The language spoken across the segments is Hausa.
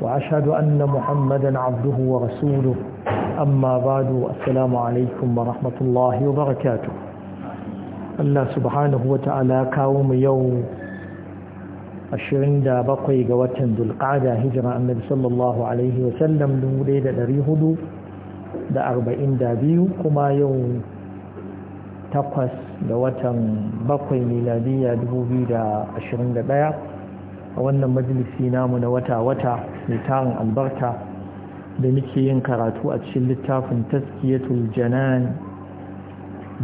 وأشهد أن محمدا عبده ورسوله أما بعد السلام عليكم ورحمة الله وبركاته الله سبحانه وتعالى كاوم يوم ashirin da bakwai ga watan dulƙada hijira annabi sallallahu alaihi wasallam da ɗari hudu da arba'in da biyu kuma yau 8 da watan 7 miladiya dubu ɗaya a wannan majalisi namu na wata-wata mai tarin albarka da muke yin karatu a cikin littafin taskiyatul janan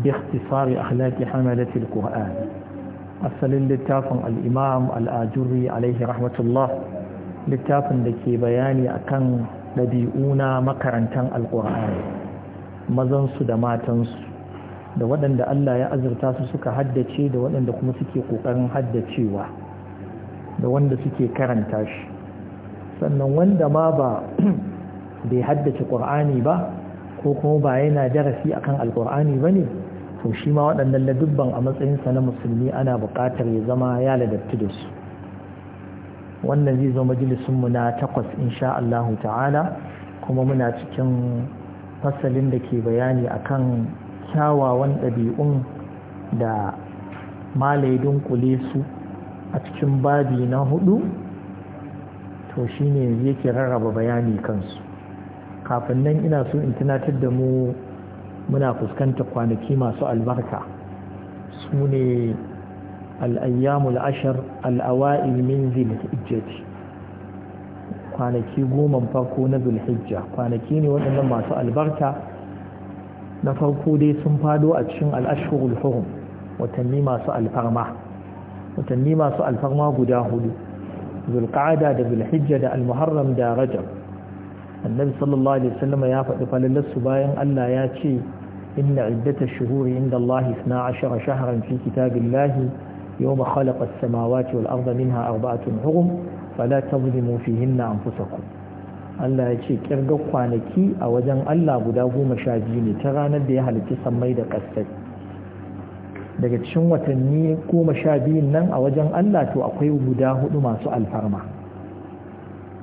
bi ikhtisari akhlaqi hamalati alquran asalin littafin al-imam al-ajuri alaihi rahmatullah littafin da ke bayani akan ɗabi'una makarantan alqur'ani mazan su da matan su da waɗanda Allah ya azurta su suka haddace da waɗanda kuma suke ƙoƙarin haddacewa da wanda suke karanta shi sannan wanda ma ba bai haddace ƙur'ani ba ko kuma ba yana darasi akan alƙur'ani ba ne to shi ma waɗannan ladubban a matsayinsa na musulmi ana buƙatar ya zama ya ladabtu da su wannan zai zo majalisunmu na takwas insha Allahu ta'ala kuma muna cikin fasalin da ke bayani akan kyawawan ɗabi'un da malaye dunkule su a cikin babi na hudu to shine yanzu yake rarraba bayani kansu kafin nan ina so in tunatar da mu muna fuskanta kwanaki masu albarka su ne al'ayyamul ashar al'awa'il min zilhijjati kwanaki goma farko na zulhijja kwanaki ne waɗannan masu albarka na farko dai sun fado a cikin al'ashirul hurum watanni masu alfarma watanni masu alfarma guda hudu zulqa'ada da bilhijja da almuharram da rajab annabi sallallahu alaihi wasallam ya faɗi falalarsu bayan Allah ya ce inna iddatash shuhuri inda Allah ashara shaharan fi kitabillahi yawma khalaqa as-samawati wal arda minha arba'atun hurum fala tazlimu fihinna anfusakum Allah ya ce kirga kwanaki a wajen Allah guda goma sha biyu ne ta ranar da ya halitta sammai da ƙasai daga cikin watanni goma sha biyun nan a wajen Allah to akwai guda hudu masu alfarma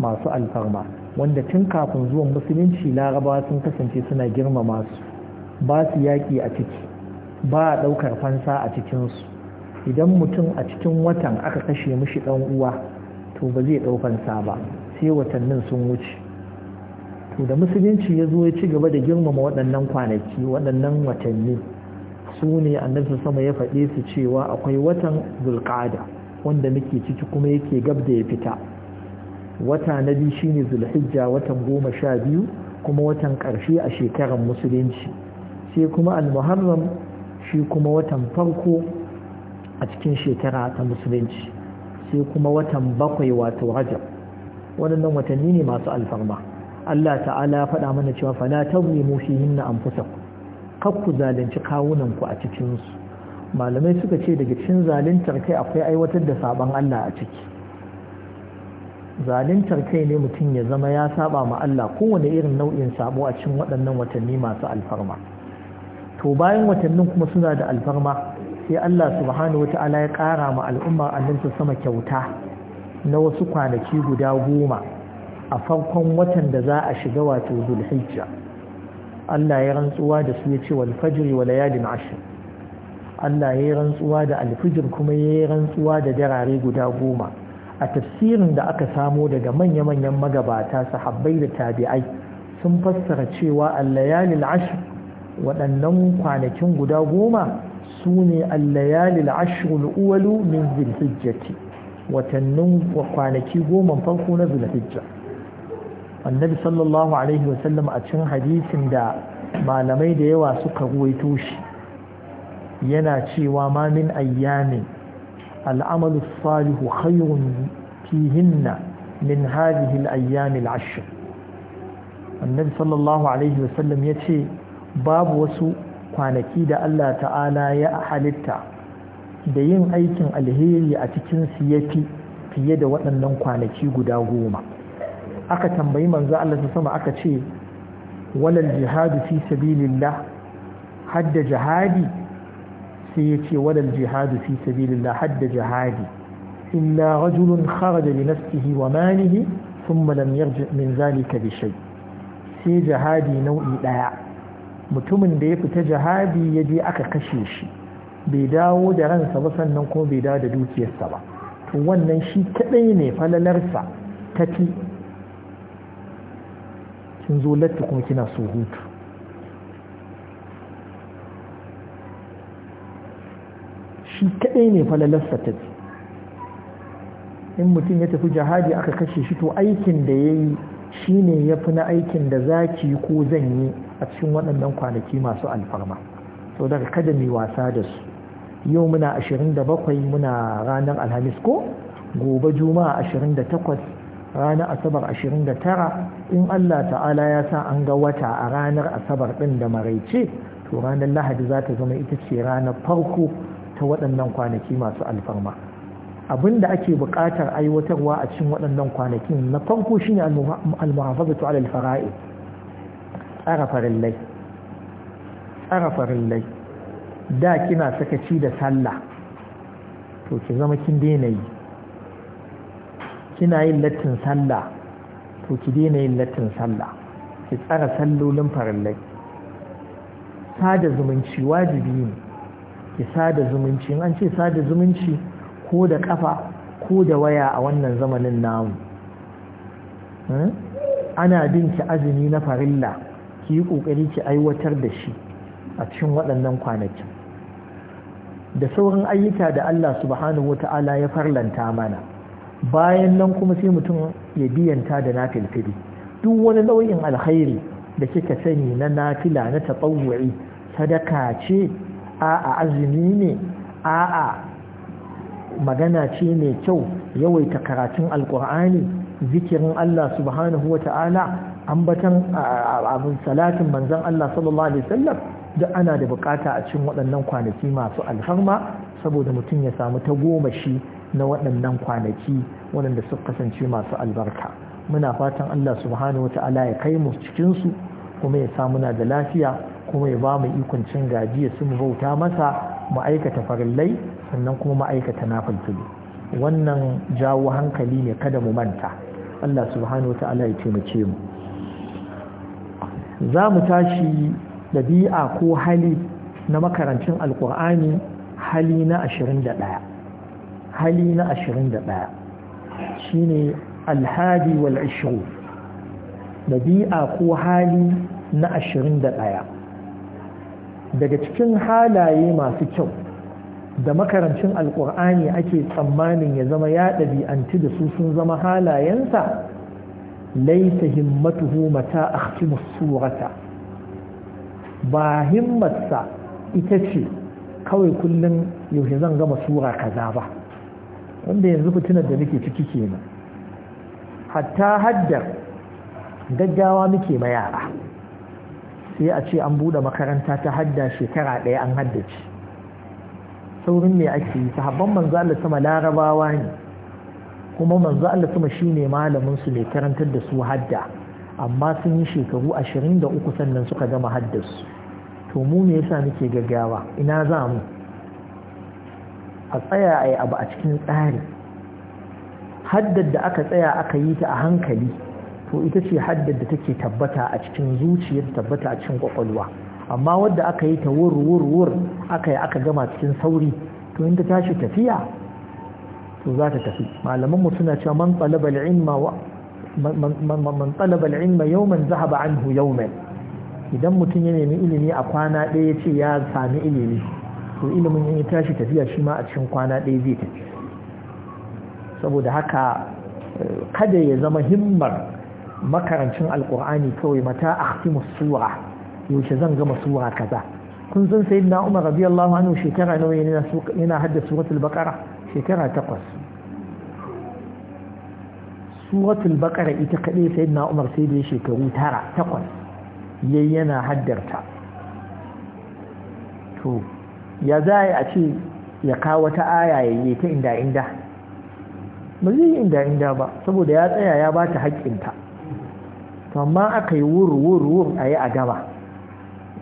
masu alfarma wanda tun kafin zuwan musulunci larabawa sun kasance suna girmama su ba su yaƙi a ciki ba a ɗaukar fansa a cikinsu idan mutum a cikin watan aka kashe mishi ɗan uwa to ba zai ɗau fansa ba sai watannin sun wuce to da musulunci ya zo ya ci gaba da girmama waɗannan kwanaki waɗannan watanni su ne annabi sama ya faɗe su cewa akwai watan zulqada wanda muke ciki kuma yake gab da ya fita wata na biyu zulhijja watan goma sha biyu kuma watan ƙarshe a shekarar musulunci sai kuma al-muharram shi kuma watan farko a cikin shekara ta musulunci sai kuma watan bakwai wato rajab waɗannan watanni ne masu alfarma Allah ta'ala faɗa mana cewa fala tazlimu an anfusakum ku zalunci kawunanku a cikinsu malamai suka ce daga cikin zaluntar kai akwai aiwatar da saban Allah a ciki zaluntar kai ne mutum ya zama ya saba ma Allah kowane irin nau'in sabo a cikin waɗannan watanni masu alfarma to bayan watannin kuma suna da alfarma sai Allah subhanahu wata'ala ya ƙara ma al'ummar annabta sama kyauta na wasu kwanaki guda goma a farkon watan da za a shiga wato zulhijja Allah ya rantsuwa da su ya ce wal fajri wa layalin ashr Allah ya yi rantsuwa da alfijir kuma ya yi rantsuwa da darare guda goma a tafsirin da aka samo daga manya-manyan magabata sahabbai da tabi'ai sun fassara cewa al-layalil ashr waɗannan kwanakin guda goma su ne al-layalil ashrul min zilhijjati watannin kwanaki goma farko na zilhijja annabi sallallahu alaihi wasallam a cikin hadisin da malamai da yawa suka ruwaito shi yana cewa ma min ayyamin al'amalu salihu khayrun fihinna min hadhihi al-ayyam al-ashr annabi sallallahu alaihi wasallam yace babu wasu kwanaki da Allah ta'ala ya halitta da yin aikin alheri a cikin su yafi fiye da waɗannan kwanaki guda goma aka tambayi manzo Allah ta sama aka ce walal jihadu fi sabilillah hadda jihadi sai ya ce walal jihadu fi sabilillah hadda jihadi illa rajulun kharaja li nafsihi wa malihi thumma lam yarji min zalika bi shay sai jihadi nau'i daya mutumin da ya fita jihadi ya je aka kashe shi bai dawo da ransa ba sannan kuma bai dawo da dukiyarsa ba to wannan shi kadai ne falalarsa ci kin zo latta kuma kina hutu. shi kaɗai ne lalasta ta ce in mutum ya tafi jihadi aka kashe shi to aikin da ya yi shi ne ya fi na aikin da za ki ko zan yi a cikin waɗannan kwanaki masu alfarma sau daga kada mai wasa da su yau muna 27 muna ranar alhamis ko gobe juma'a 28 ranar asabar 29 in Allah ta'ala ya sa an ga wata a ranar asabar ɗin da maraice to ranar lahadi za ta zama ita ce ranar farko ta waɗannan kwanaki masu alfarma abin da ake buƙatar aiwatarwa a cikin waɗannan kwanakin na farko shine al-muhafazatu alal fara'i tsara farillai tsara farillai da kina sakaci da sallah to ki zama kin daina yi kina yin lattin sallah to ki daina yin lattin sallah ki tsara sallolin farallai. sada zumunci wajibi ne ki sada zumunci an ce sada zumunci ko da kafa ko da waya a wannan zamanin namu hmm? ana bin ki azumi na farilla ki yi kokari ki aiwatar da shi a cikin waɗannan kwanakin da sauran ayyuka da Allah subhanahu wata'ala ya farlanta mana bayan nan kuma sai mutum ya biyanta da nafilfili duk wani nau'in alkhairi da kika sani na nafila na taɓawuri sadaka ce a'a azumi ne a'a magana ce mai kyau yawaita karatun alkur'ani zikirin Allah subhanahu wa ta'ala ambatan abin salatin manzan Allah sallallahu alaihi wasallam duk ana da bukata a cikin waɗannan kwanaki masu alfarma saboda mutum ya samu ta goma shi na waɗannan kwanaki waɗanda suka kasance masu albarka muna fatan Allah subhanahu wata'ala ya kai mu cikinsu kuma ya sa muna da lafiya kuma ya ba mu ikon cin gajiya su mu bauta masa mu aikata farillai sannan kuma mu aikata nafilfili wannan jawo hankali ne kada mu manta Allah subhanahu wata'ala ya taimake mu za mu tashi ɗabi'a ko hali na makarancin alkur'ani hali na 21 hali na 21 shine alhadi wal ishru ɗabi'a ko hali na 21 daga cikin halaye masu kyau da makarancin alkur'ani ake tsammanin ya zama ya ɗabi'anti da su sun zama halayensa laita himmatuhu mata akhtimus surata ba himmatsa ita ce kawai kullum yaushe zan gama sura kaza ba wanda yanzu fitinar da nake ciki kenan hatta haddar gaggawa muke ma yara sai a ce an bude makaranta ta hadda shekara ɗaya an haddace saurin me ake yi sahabban manzo Allah sama larabawa ne kuma manzo Allah sama shine malamin su ne karantar da su hadda amma sun yi shekaru 23 sannan suka gama haddarsu to mu me yasa nake gaggawa ina za mu a tsaya a yi abu a cikin tsari haddad da aka tsaya aka yi ta a hankali to ita ce haddad da take tabbata a cikin zuciyar, tabbata a cikin kwakwalwa amma wadda aka yi ta wur wur wur aka yi aka gama cikin sauri to in ta tashi tafiya to za ta tafi malaman mu suna cewa man talaba al-ilma man talaba al-ilma yawman zahaba anhu yawman idan mutum ya nemi ilimi a kwana ɗaya ya ce ya sami ilimi to ilimin ya tashi tafiya shi ma a cikin kwana ɗaya zai tafi saboda haka eh, kada ya zama himmar makarancin alkur'ani kawai mata ahtimu sura yaushe zan gama sura kaza kun san sai na umar radiyallahu anhu shekara nawa yana hadda suratul baqara shekara takwas suratul baqara ita kaɗai sai na umar sai da shekaru tara takwas yayi yana haddarta to ya za a ce ya kawo wata aya ya ta inda inda ba zai inda inda ba saboda ya tsaya ya ba ta haƙƙinta to amma aka yi wur wur wur a yi a gaba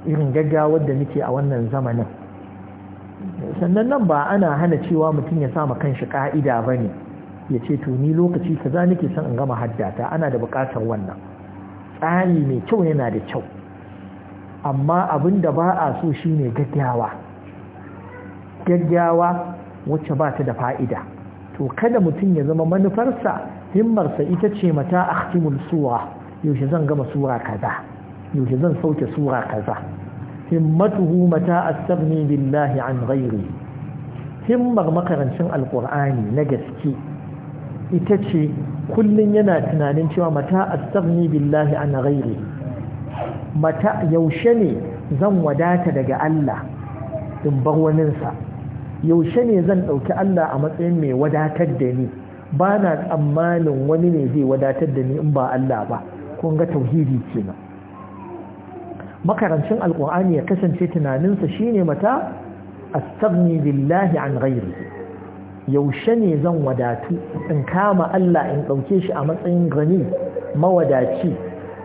irin gaggawa da muke a wannan zamanin sannan nan ba ana hana cewa mutum ya kan shi ka'ida ba ne ya ce to ni lokaci kaza nake son in gama haddata ana da bukatar wannan tsari mai kyau yana da kyau amma abin da ba a so shine gaggawa gaggawa wacce ba ta da fa'ida to kada mutum ya zama manufarsa himmarsa ita ce mata cikin suwa yaushe zan gama sura kaza yaushe zan sauke sura kaza himmatuhu mata sabni billahi an ghairi himmar makarancin alkur'ani na gaske ita ce kullum yana tunanin cewa mata astaghni billahi an ghairi mata yaushe ne zan wadata daga Allah in bar waninsa yaushe ne zan ɗauki Allah a matsayin mai wadatar da ni ba na tsammanin wani ne zai wadatar da ni in ba Allah ba kun ga tauhidi kenan makarancin alkur'ani ya kasance tunaninsa shine mata astaghni billahi an ghairi yaushe ne zan wadatu in kama Allah in ɗauke shi a matsayin gani mawadaci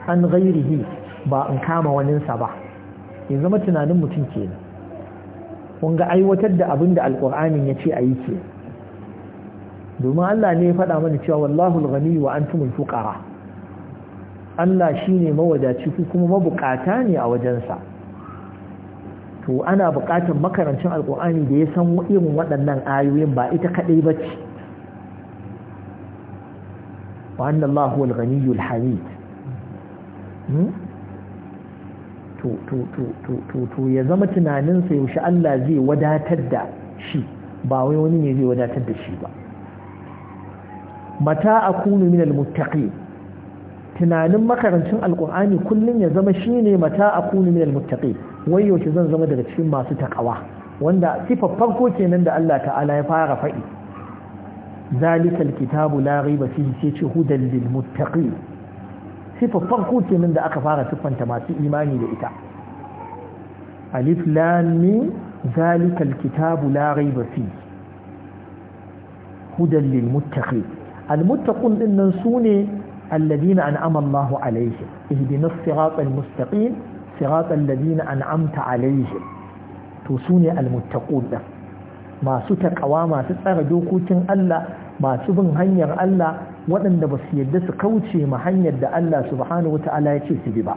an gairihi ba in kama waninsa ba ya zama tunanin mutum ke kun ga aiwatar da abin da alƙur'anin ya ce a yi ke domin Allah ne ya faɗa mana cewa wallahu gani wa an antumul fuqara Allah shi ne mawadaci ku kuma mabukata ne a wajensa to ana buƙatar makarancin alƙur'ani da ya san irin waɗannan ayoyin ba ita kaɗai ba ce wa'an Allah huwal ghaniyul hamid hmm? to ya zama tunaninsa yaushe Allah zai wadatar da shi ba wai wani ne zai wadatar da shi ba mata akunu minal muttaqin tunanin makarancin alƙur'ani kullum ya zama shine mata a akunu minal muttaqin wai yaushe zan zama daga cikin masu takawa wanda sifar farko kenan da Allah ta'ala ya fara faɗi zalikal kitabu la riba fihi sai ce hudan lil muttaqin sifar farko kenan da aka fara siffanta masu imani da ita alif lam mim zalikal kitabu la riba fihi hudan lil muttaqin al muttaqun dinnan sune alladhina an'ama Allahu alaihim ihdinas siratal mustaqim siratan tsallabi na an amta alaihim to su ne almuttaƙun ɗan masu taƙawa masu tsara dokokin Allah masu bin hanyar Allah waɗanda ba su yadda su kauce ma hanyar da Allah subhana wa ta'ala ya ce su bi ba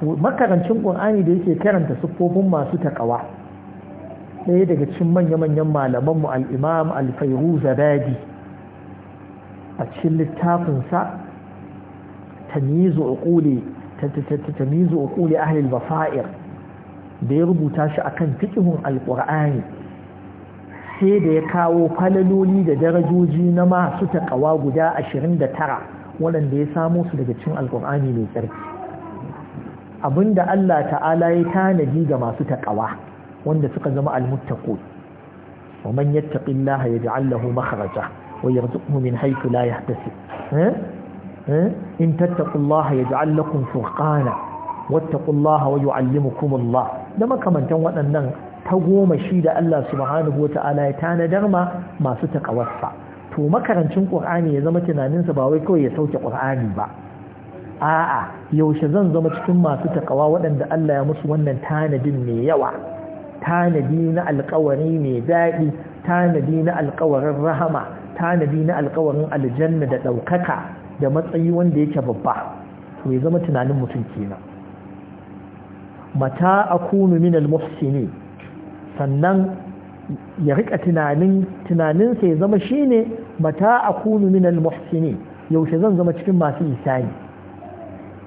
to makarancin ƙur'ani da yake karanta siffofin masu taƙawa ɗaya daga cikin manya-manyan malamanmu al-imam al-fayruz zabadi a cikin littafinsa tamyizu uquli تمييز أقول أهل البصائر da ya rubuta shi a kan fiqhun alqur'ani sai da ya kawo falaloli da darajoji na masu taqawa guda ashirin da tara, waɗanda ya samo su daga cikin alqur'ani mai tsarki Abun da Allah ta'ala ya tanadi ga masu taqawa wanda suka zama almuttaqun ومن يتق الله يجعل له مخرجا ويرزقه من حيث لا يحتسب in tattaqullaha yaj'al lakum furkana wattaqullaha wa yu'allimukumullah da makamantan waɗannan ta goma shi da Allah subhanahu wa ta'ala ya tanadar ma masu taƙawarsa. to makarancin ƙur'ani ya zama tunaninsa ba wai kawai ya sauke ƙur'ani ba a'a yaushe zan zama cikin masu takawa waɗanda Allah ya musu wannan tanadin mai yawa tanadi na alƙawari mai daɗi tanadi na alƙawarin rahama tanadi na alƙawarin aljanna da ɗaukaka da matsayi wanda yake babba to ya zama tunanin mutum kenan mata akunu min al-muhsini sannan ya rika tunanin tunaninsa ya zama shine mata akunu min al-muhsini yaushe zan zama cikin masu isani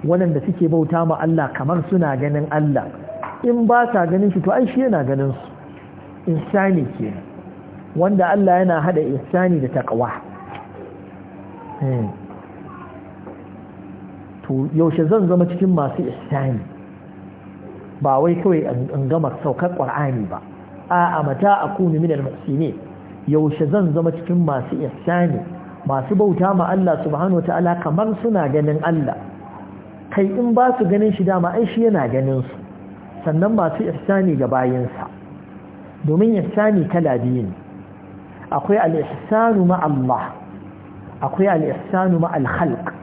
waɗanda suke bauta ma Allah kamar suna ganin Allah in ba sa ganin shi to ai shi yana ganin su insani ke wanda Allah yana hada insani da taqwa hmm. to yaushe zan zama cikin masu ihsani ba wai kawai in gama saukar ƙwar'ani ba a a mata a kuni minal ne. yaushe zan zama cikin masu ihsani masu bauta ma Allah subhanahu Ta'ala kamar suna ganin Allah kai in ba su ganin shi dama ai shi yana ganin su sannan masu ihsani ga bayansa domin ihsani kala biyu ne akwai al-ihsanu ma Allah akwai al-ihsanu ma al-khalq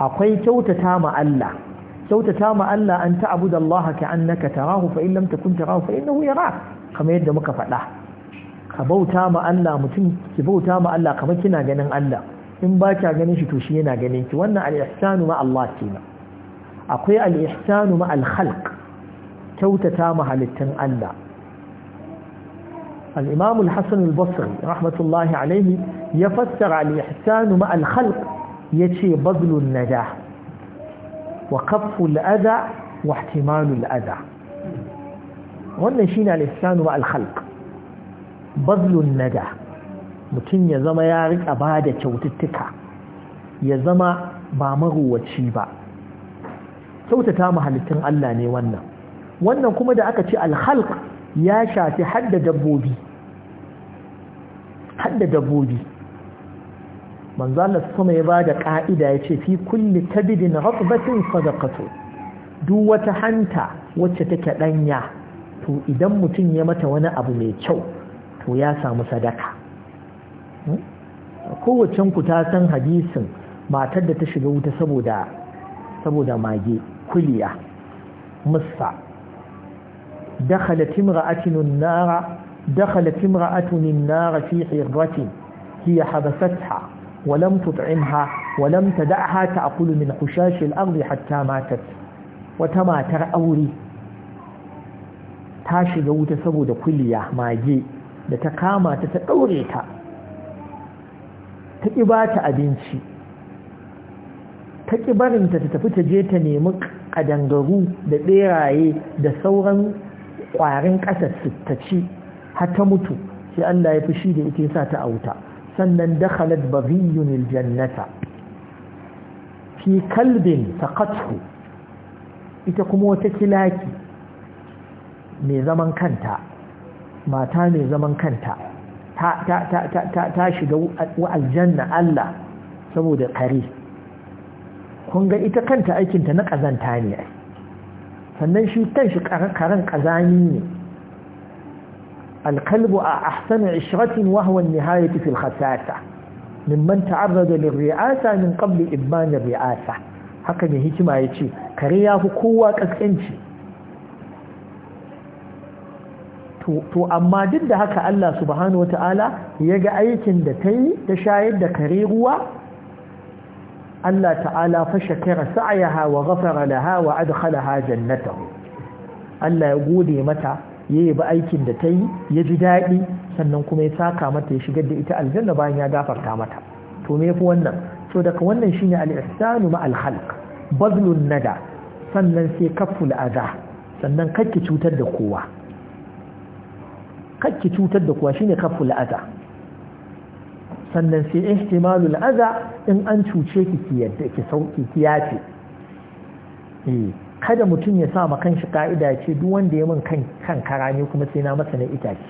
akwai kyautata ma Allah kyautata ma Allah an ta'budu Allah ka annaka tarahu fa in lam takun tarahu fa innahu yarak kamar yadda muka faɗa ka bauta ma Allah mutum ki bauta ma Allah kamar kina ganin Allah in ba kya ganin shi to shi yana ganin ki wannan al-ihsanu ma Allah kenan akwai al-ihsanu ma al-khalq kyautata ma halittun Allah الإمام الحسن البصري رحمة الله عليه يفسر على الإحسان مع الخلق yace bazlun nada wa kafful adha wa ihtimalul adha wannan shine al-ihsanu ma al-khalq bazlun nada mutum ya zama ya rika bada kyaututtuka ya zama ba maruwaci ba kyautata mu Allah ne wannan wannan kuma da aka ce al-khalq ya shafi hadda dabbobi hadda dabbobi manzo Allah kuma ya bada ka'ida yace fi kulli kabidin ratbatin sadaqatu duk wata hanta wacce take danya to idan mutum ya mata wani abu mai kyau to ya samu sadaka hmm? kowace ku ta san hadisin matar da ta shiga wuta saboda saboda mage kuliya musa dakhalat imra'atun an-nara dakhalat imra'atun an-nara fi hirratin ولم تطعمها ولم تدعها تأكل من خشاش الأرض حتى ماتت وتما ترى أوري tashi ga wuta saboda kulliya mage da ta kama ta ta ta ta barinta ta tafi ta je ta nemi ƙadangaru da ɓeraye da sauran ƙwarin su ta ci har ta mutu sai Allah ya shi da ita ya sa ta auta sannan dakhalat baghiyun aljannata fi kalbin taqathu ita kuma wata kilaki mai zaman kanta mata mai zaman kanta ta ta ta ta ta shiga aljanna Allah saboda kare kun ga ita kanta aikinta na kazanta ne sannan shi kanshi karan kazani ne القلب أحسن عشرة وهو النهاية في الخساسة ممن تعرض للرئاسة من قبل إدمان الرئاسة haka ne hikima ya ce kare ya fi kowa ƙasƙanci to amma duk da haka Allah subhanahu wa ta'ala ya ga aikin da ta yi ta shayar da kare ruwa Allah ta'ala fashe kira sa'ayaha wa ghafara laha wa adkhalaha jannatahu Allah ya gode mata ya yi ba aikin da ta yi ya ji daɗi sannan kuma ya saka mata ya shigar da ita aljanna bayan ya gafarta mata to me fi wannan to daga wannan shine al-ihsanu ma al-khalq bazlun nada sannan sai kaful adha sannan kakki cutar da kowa kakki cutar da kowa shine kaful adha sannan sai ihtimalul adha in an cuce ki ki yadda ki sauki ki yafi eh kada mutum ya sa makan shi ka'ida ce duk wanda ya min kan karami kuma sai na masa na itace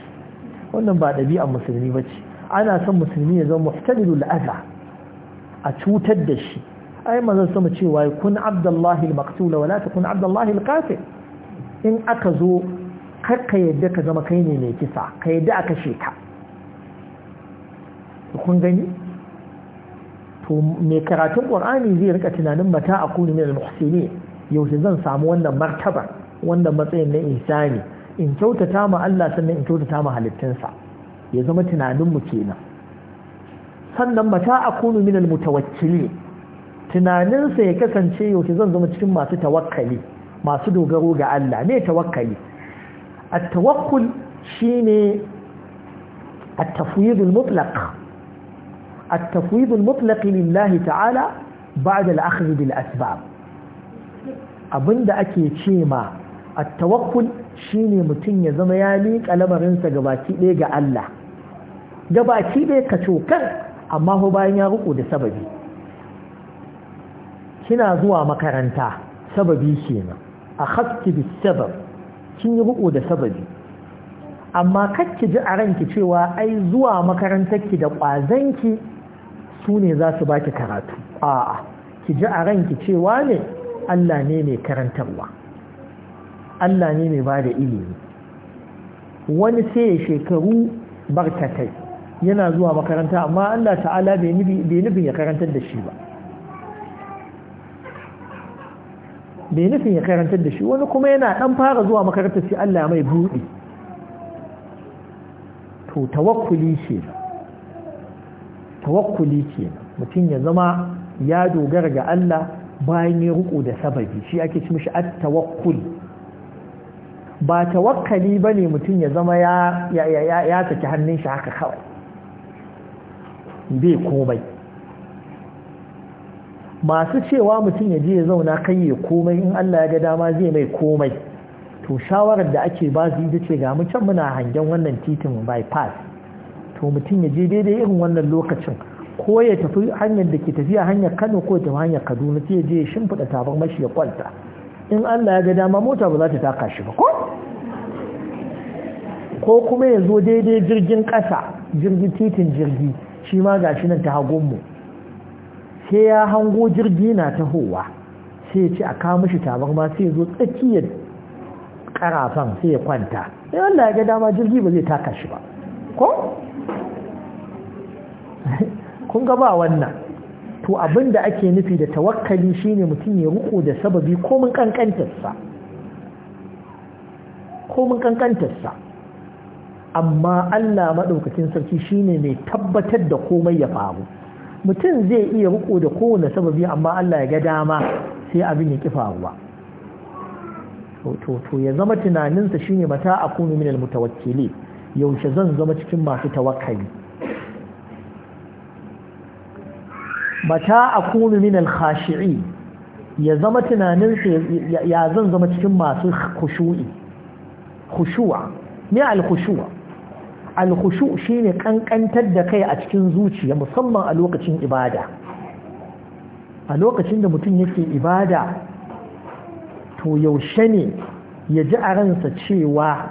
wannan ba ɗabi'ar musulmi ba ce ana son musulmi ya zama muftadilu la'aza a cutar da shi ai mazan sama cewa kun abdullahi al-maqtula la takun abdullahi al in aka zo kar ka yadda ka zama kai ne mai kisa ka yadda aka kashe ka kun gani to mai karatun qur'ani zai rika tunanin mata akuni min al-muhsinin yaushe zan samu wannan martaba wannan matsayin na insani in kyautata ma Allah sannan in kyautata ma halittinsa ya zama tunaninmu kenan sannan mata kunu minal mutawakkili tunaninsa ya kasance yaushe zan zama cikin masu tawakkali masu dogaro ga Allah ne tawakkali at-tawakkul shine التفويض المطلق lillahi ta'ala bada تعالى بعد bil بالأسباب Abin da ake ce ma a tawakkul shine mutum ya zama ya liƙa lamarinsa gabaki ɗaya ga Allah gabaki ɗaya ka cokar amma ho bayan ya ruku da sababi kina zuwa makaranta sababi kenan a haske bis sabab kin yi ruku da sababi amma kacce ji a ranki cewa ai zuwa makarantarki da ƙwazanki su ne za su baki karatu a'a ki ji a ranki cewa ne Allah ne mai karantarwa Allah ne mai ba da ilimi wani sai ya shekaru barkatai yana zuwa makaranta amma Allah ta'ala bai nufin ya karantar da shi ba bai nufin ya karantar da shi wani kuma yana dan fara zuwa makarantar sai Allah mai buɗe to tawakkuli ce tawakkuli ce mutum ya zama ya dogara ga Allah bayan ya ruku da sababi shi ake ci mishi a tawakul ba tawakkali ne mutum ya zama ya saki hannun shi haka kawai bai komai masu cewa mutum ya je ya zauna kai ya komai in Allah ya ga dama zai mai komai to shawarar da ake ba su ita ce ga mu muna hangen wannan titin bypass to mutum ya je daidai irin wannan lokacin ko ya tafi hanyar da ke tafiya hanyar kano ko ya tafi hanyar kaduna sai je ya shimfiɗa tabar mashi ya kwanta. in allah ya ga dama mota ba za ta taka shi ba ko ko kuma ya zo daidai jirgin ƙasa jirgin titin jirgi shi ma ga shi nan ta hagunmu sai ya hango jirgi na tahowa sai ya ce a kawo mashi tabar ma sai ya zo tsakiyar karafan sai ya kwanta in allah ya ga dama jirgi ba zai taka shi ba ko kun ga ba wannan to abin da ake nufi da tawakkali shine mutum ya ruko da sababi komin kankantarsa komin kankantarsa amma Allah maɗaukacin sarki shine mai tabbatar da komai ya faru mutum zai iya riko da kowane sababi amma Allah ya ga dama sai abin ya kifa faruwa to ya zama tunaninsa shine mata a minal mutawakkili yaushe zan zama cikin masu tawakkali mata akunu min al-khashi'i ya zama tunanin ya zan zama cikin masu khushu'i khushu'a me al-khushu'a al-khushu' shine kankantar da kai a cikin zuciya musamman a lokacin ibada a lokacin da mutum yake ibada to yaushe ne ya ji a cewa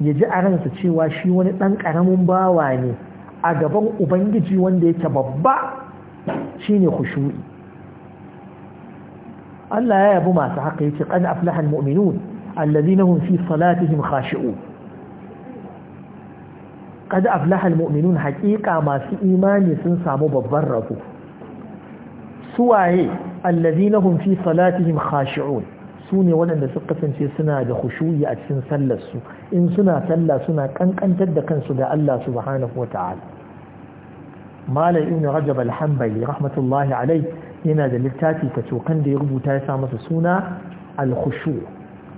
ya ji a ransa cewa shi wani ɗan ƙaramin bawa ne a gaban ubangiji wanda yake babba shine khushu'i Allah ya yabi masu haka yace qad aflaha almu'minun alladhina hum fi salatihim khashi'un qad aflaha almu'minun haqiqa masu imani sun samu babban rabo suwaye alladhina hum fi salatihim khashi'un su ne waɗanda suka kasance suna da khushuyi a cikin sallarsu in suna sallah suna kankantar da kansu ga Allah subhanahu wa ta'ala malam ibn rajab al-hanbali rahmatullahi alai yana da littafi cokan da ya rubuta ya sa masa suna al-khushu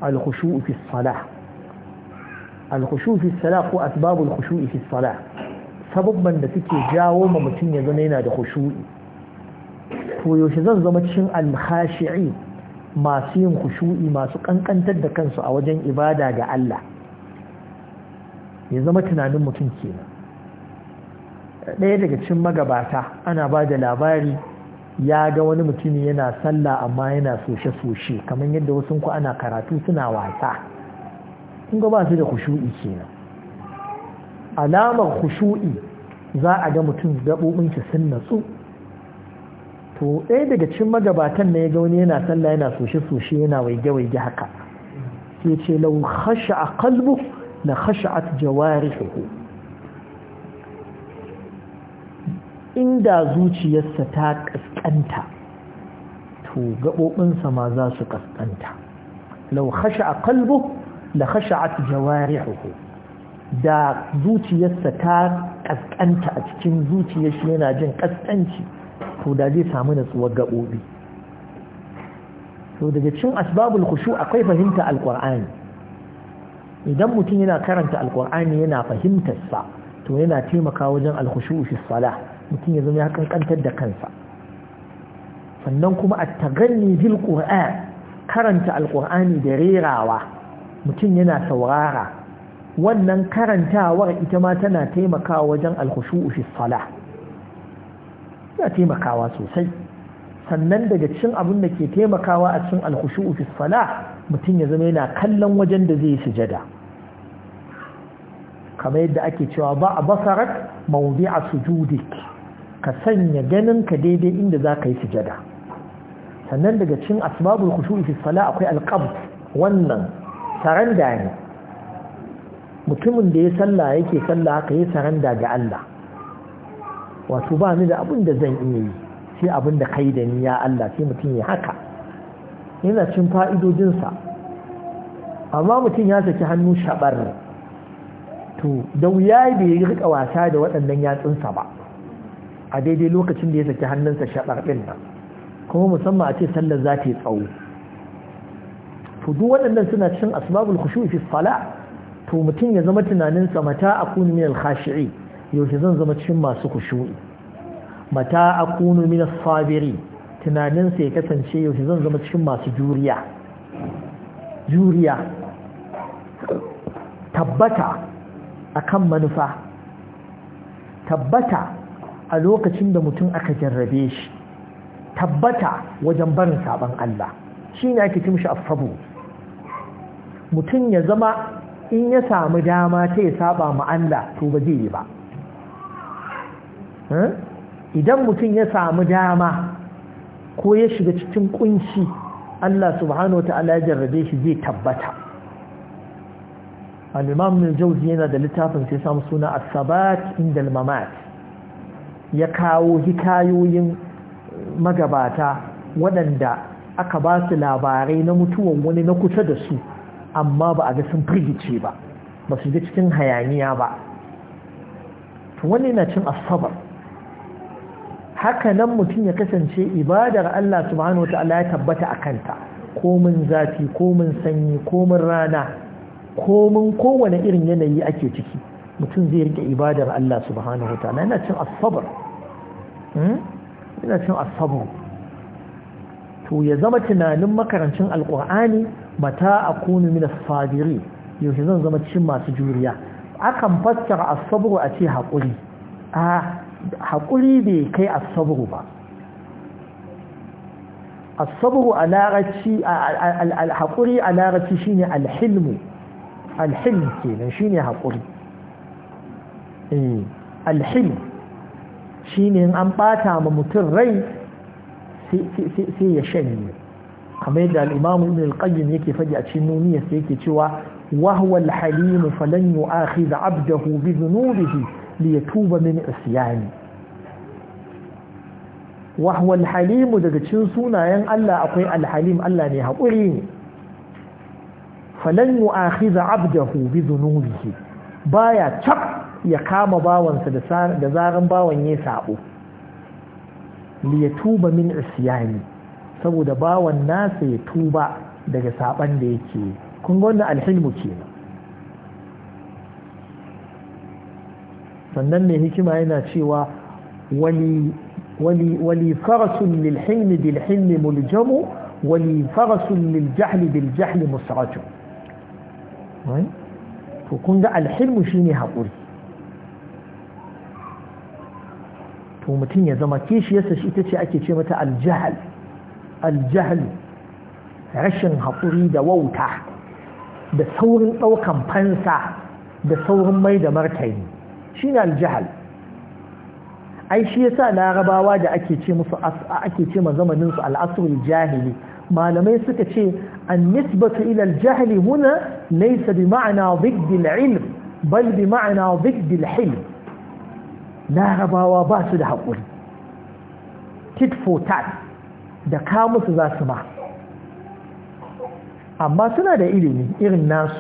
al-khushu fi salah al-khushu fi salah ko asbabul khushu fi salah sababban da suke jawo ma mutum ya zama yana da khushu'i to yaushe zan zama cikin al-khashi'i masu yin khushu'i masu kankantar da kansu a wajen ibada ga Allah ya zama tunanin mutum kenan ɗaya daga cin magabata ana ba da labari ya ga wani mutumi yana sallah amma yana soshe-soshe kamar yadda wasu ku ana karatu suna wasa in ga ba su da kushu'i kenan alamar kushu'i za a ga mutum ki sun natsu to ɗaya daga cin magabatan na ya ga wani yana sallah yana soshe-soshe yana waige-waige haka sai ce lau khasha a kalbu la a jawarihuhu inda zuciyarsa ta kaskanta to gaɓoɓinsa ma za su kaskanta lau khasha a kalbo da khasha a jawarihu da zuciyarsa ta kaskanta a cikin zuciyar shi yana jin kaskanci to da zai samu natsuwar gaɓoɓi to daga cin asbabul kushu akwai fahimta alƙur'ani idan mutum yana karanta alƙur'ani yana fahimtarsa to yana taimaka wajen alkhushu shi salah mutum ya zama ya kankantar da kansa sannan kuma a taganni bil qur'an karanta alqur'ani da rerawa mutum yana saurara wannan karantawar ita ma tana taimakawa wajen alkhushu'u fi salah ya taimakawa sosai sannan daga cikin abin da ke taimakawa a cikin alkushu'u fi mutum ya zama yana kallon wajen da zai sujada kamar yadda ake cewa ba a basarat a sujudik ka sanya ganin ka daidai inda za ka yi sujada sannan daga cin asibabin kusur fi sala akwai alqabd wannan saranda ne mutumin da ya sallah yake salla haka ya saranda ga Allah wato ba ni da abin da zan iya yi sai abin da kai da ni ya Allah sai mutum ya haka yana cin fa'idodinsa amma mutum ya saki hannu shabar to da wuya bai rika wasa da waɗannan yatsunsa ba a daidai lokacin da ya saki hannunsa shaɓar ɗin nan kuma musamman a ce sallar za ta yi tsawo to duk waɗannan suna cikin asbabul kushu fi fala? to mutum ya zama tunaninsa mata akunu min al-khashi'i yaushe zan zama cikin masu kushu? mata akunu min as-sabiri tunaninsa ya kasance yaushe zan zama cikin masu juriya juriya tabbata akan manufa tabbata a lokacin da mutum aka jarrabe shi tabbata wajen barin saban Allah shi ne ake cimshi shi afabu mutum ya zama in ya samu dama ta ya saba ma Allah to ba zai yi ba hmm? idan mutum ya samu dama ko ya shiga cikin ƙunshi, Allah subhanahu wa ta'ala ya jarrabe shi zai tabbata al-imam min jawzi yana da littafin sai samu suna as-sabat inda al-mamat ya kawo hikayoyin magabata waɗanda aka ba su labarai na mutuwan wani na kusa da su amma ba a ga sun firgice ba ba su ji cikin hayaniya ba wani na cin asabar haka nan mutum ya kasance ibadar Allah subhanahu ta'ala ya tabbata a kanta komin zafi komin sanyi komin rana komin kowane irin yanayi ake ciki mutum zai rike ibadar Allah subhanahu wa ta'ala yana cin asabar hmm? yana cin asabar to ya zama tunanin makarancin alkur'ani mata a kunu min asabiri yaushe zan zama cikin masu juriya akan fassara asabar a ce haƙuri a haƙuri bai kai asabar ba asabar a larabci haƙuri a larabci shine alhilmu alhilm kenan shine haƙuri Eh, alhil shi ne an ɓata ma mutum rai sai ya shanye kamar yadda al'imamu ibn al-qayyim yake faɗi a cikin nuniya sai yake cewa Halimu falon yi a falan da 'abdahu bi zunubihi li tuba min isyani wahwal Halimu daga cin sunayen Allah akwai al-halim Allah ne haƙuri ne falon a falan da 'abdahu bi ba baya cak. ya kama bawansa da zaren bawan ya sabo li ya tuba min isyani saboda bawan nasa ya tuba daga saban da yake kun ga wannan alhilmu nan sannan mai hikima yana cewa wali wali wali farasun lil hilmi bil hilmi muljamu wali farasun lil jahli bil jahli musratu to kun ga alhilmu shine haƙuri to mutum ya zama kishiyarsa shi ita ce ake ce mata aljahal aljahal rashin haƙuri da wauta da saurin ɗaukan fansa da saurin mai da martani shi ne aljahal ai shi yasa larabawa da ake ce musu ake ce mazamaninsu al'asrul jahili malamai suka ce النسبة إلى الجهل هنا ليس بمعنى ضد العلم بل بمعنى ضد الحلم larabawa ba su da haƙuri tit for tat da ka musu za su ma amma suna da ilimi irin nasu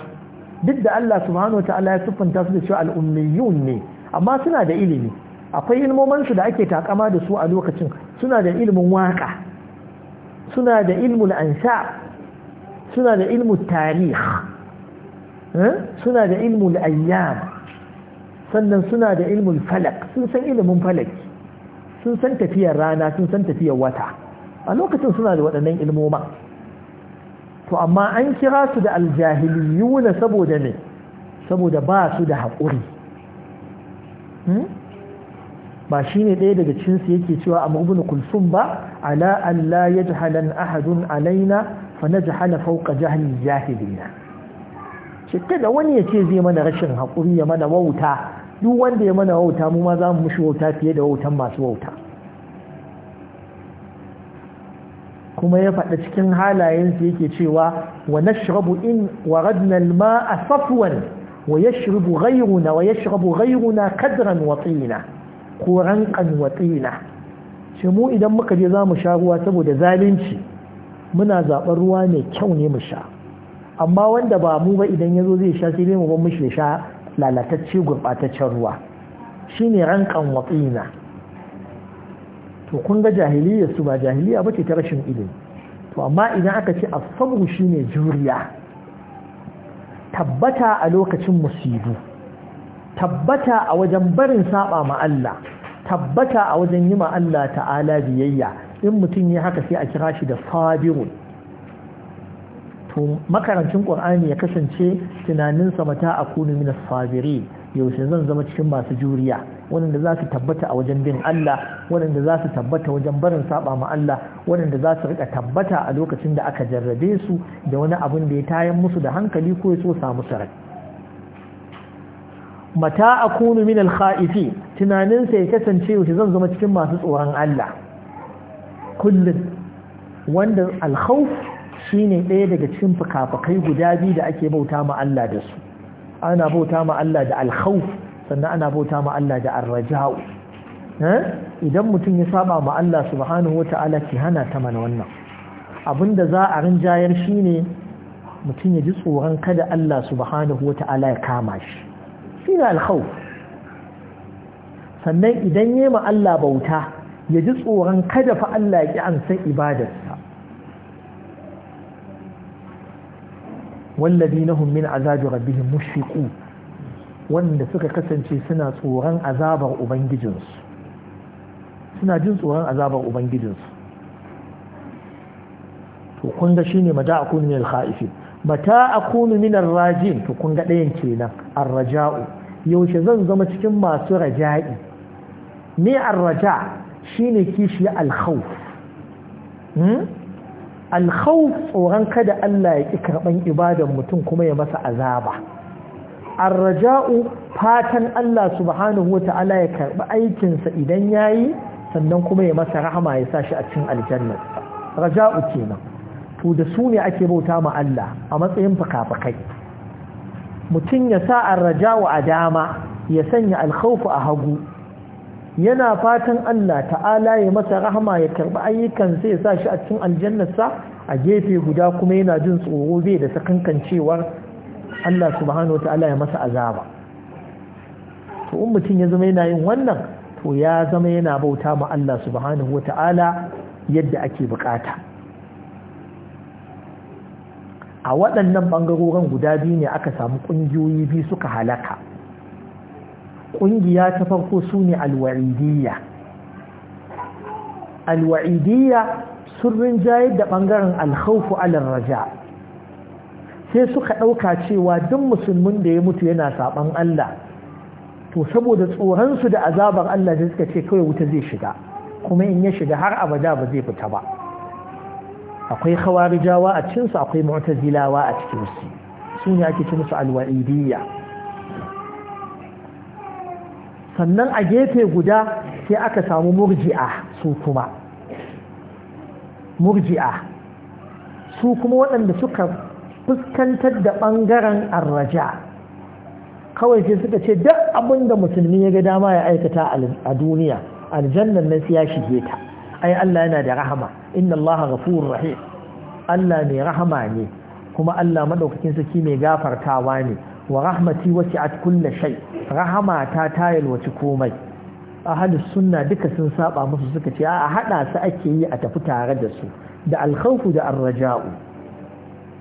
duk da Allah subhanahu wa ta'ala ya siffanta su da cewa al'ummiyun ne amma suna da ilimi akwai ilmomansu da ake takama da su a lokacin suna da ilmin waka suna da ilimin ansha suna da ilimin tarih eh? suna da ilmul ayyam sannan suna da ilmin falak sun san ilimin falak sun san tafiyar rana sun san tafiyar wata a lokacin suna da waɗannan ilmoma to amma an kira su da aljahiliyuna saboda ne saboda ba su da haƙuri hmm? ba shi ne ɗaya daga cinsu yake cewa a mabin kulsun ba ala Allah ya jihalan ahadun alaina fa na jihala fauka jahilin jahilina shi da wani ya ce zai mana rashin haƙuri ya mana wauta duk wanda ya mana wauta mu ma za mu mushi wauta fiye da wautan masu wauta kuma ya faɗa cikin halayensu yake cewa wa nashrabu in waradna al-ma'a safwan wa yashrabu ghayruna wa yashrabu ghayruna kadran wa tina ko ranqan wa tina shi mu idan muka je zamu sha ruwa saboda zalunci muna zaɓar ruwa mai kyau ne mu sha amma wanda ba mu ba idan yazo zai sha sai dai mu ban ya sha lalatacce gurɓataccen ruwa shi ne rankan watsina to kun ga jahiliya su ba jahiliya ba ce ta rashin ilimi to amma idan aka ce sabu shi ne juriya tabbata a lokacin musibu tabbata a wajen barin saba ma Allah tabbata a wajen yi ma Allah ta'ala biyayya in mutum ya haka sai a kira shi da sabirun to makarancin qur'ani ya kasance tunaninsa mata a min as yaushe zan zama cikin masu juriya wadanda za su tabbata a wajen bin Allah Wadanda za su tabbata wajen barin saba ma Allah waɗanda za su rika tabbata a lokacin da aka jarrabe su da wani abin da ya tayan musu da hankali ko ya so samu sarai mata a kunu minal khaifi tunanin sa ya kasance yaushe zan zama cikin masu tsoron Allah kullun wanda alkhawf shine ɗaya daga cikin fukafukai guda biyu da ake bauta ma'alla Allah da su ana bauta ma'alla Allah da alhau sannan ana bauta ma'alla Allah da arraja'u eh? idan mutum ya saba ma Allah subhanahu wata'ala ki hana ta mana wannan abinda za a rinjayar ne mutum ya ji tsoron kada Allah subhanahu ta'ala ya kama shi ne alkhawf sannan idan yi Allah bauta ya ji tsoron kada fa Allah ya ki an san ibadarsa والذين هم من عذاب ربهم مشفقون wanda suka kasance suna tsoron azabar ubangijinsu suna jin tsoron azabar ubangijinsu to kun ga shine mata akunu min al-khaifin mata akunu min ar-rajin to kun ga ɗayan kenan ar-raja'u yaushe zan zama cikin masu raja'i me arraja raja shine kishi alkhawf hmm alkhawf tsoron kada Allah ya ƙi karɓan ibadan mutum kuma ya masa azaba arraja'u fatan Allah subhanahu wata'ala ya karɓi aikinsa idan yayi sannan kuma ya masa rahama ya sa shi a cikin aljanna raja'u kenan to da su ne ake bauta ma Allah a matsayin fakafakai mutum ya sa arraja'u a dama ya sanya alkhawfu a hagu yana fatan Allah ta'ala ya masa rahama ya karɓi ayyukansa ya sa shi a cikin aljannarsa a gefe guda kuma yana jin tsoro bai da sakankancewar Allah subhanahu ta'ala ya masa azaba to in mutum ya zama yana yin wannan to ya zama yana bauta ma Allah subhanahu ta'ala yadda ake bukata a waɗannan ɓangarorin guda biyu ne aka samu ƙungiyoyi biyu suka halaka ƙungiya ta farko su ne alwa'idiyya alwa'idiyya sun rinjayar da ɓangaren alhaufu alar raja sai suka ɗauka cewa duk musulmin da ya mutu yana saɓan Allah to saboda tsoronsu da azabar Allah da suka ce kawai wuta zai shiga kuma in ya shiga har abada ba zai fita ba akwai khawarijawa a su akwai mu'tazilawa a cikin su sune ake ci musu alwa'idiyya sannan a gefe guda sai aka samu murji'a su kuma murji'a su kuma waɗanda suka fuskantar da ɓangaren arraja kawai sai suka ce duk abin musulmi ya ga dama ya aikata a duniya aljannan nan sai ya shige ta ai Allah yana da rahama inna Allah ghafurur rahim Allah mai rahama ne kuma Allah madaukakin saki mai gafartawa ne wa rahmati wasi'at kulle shay rahama ta yalwaci komai ahlus sunna duka sun saba musu suka ce a hada su ake yi a tafi tare da su da alkhawfu da arraja'u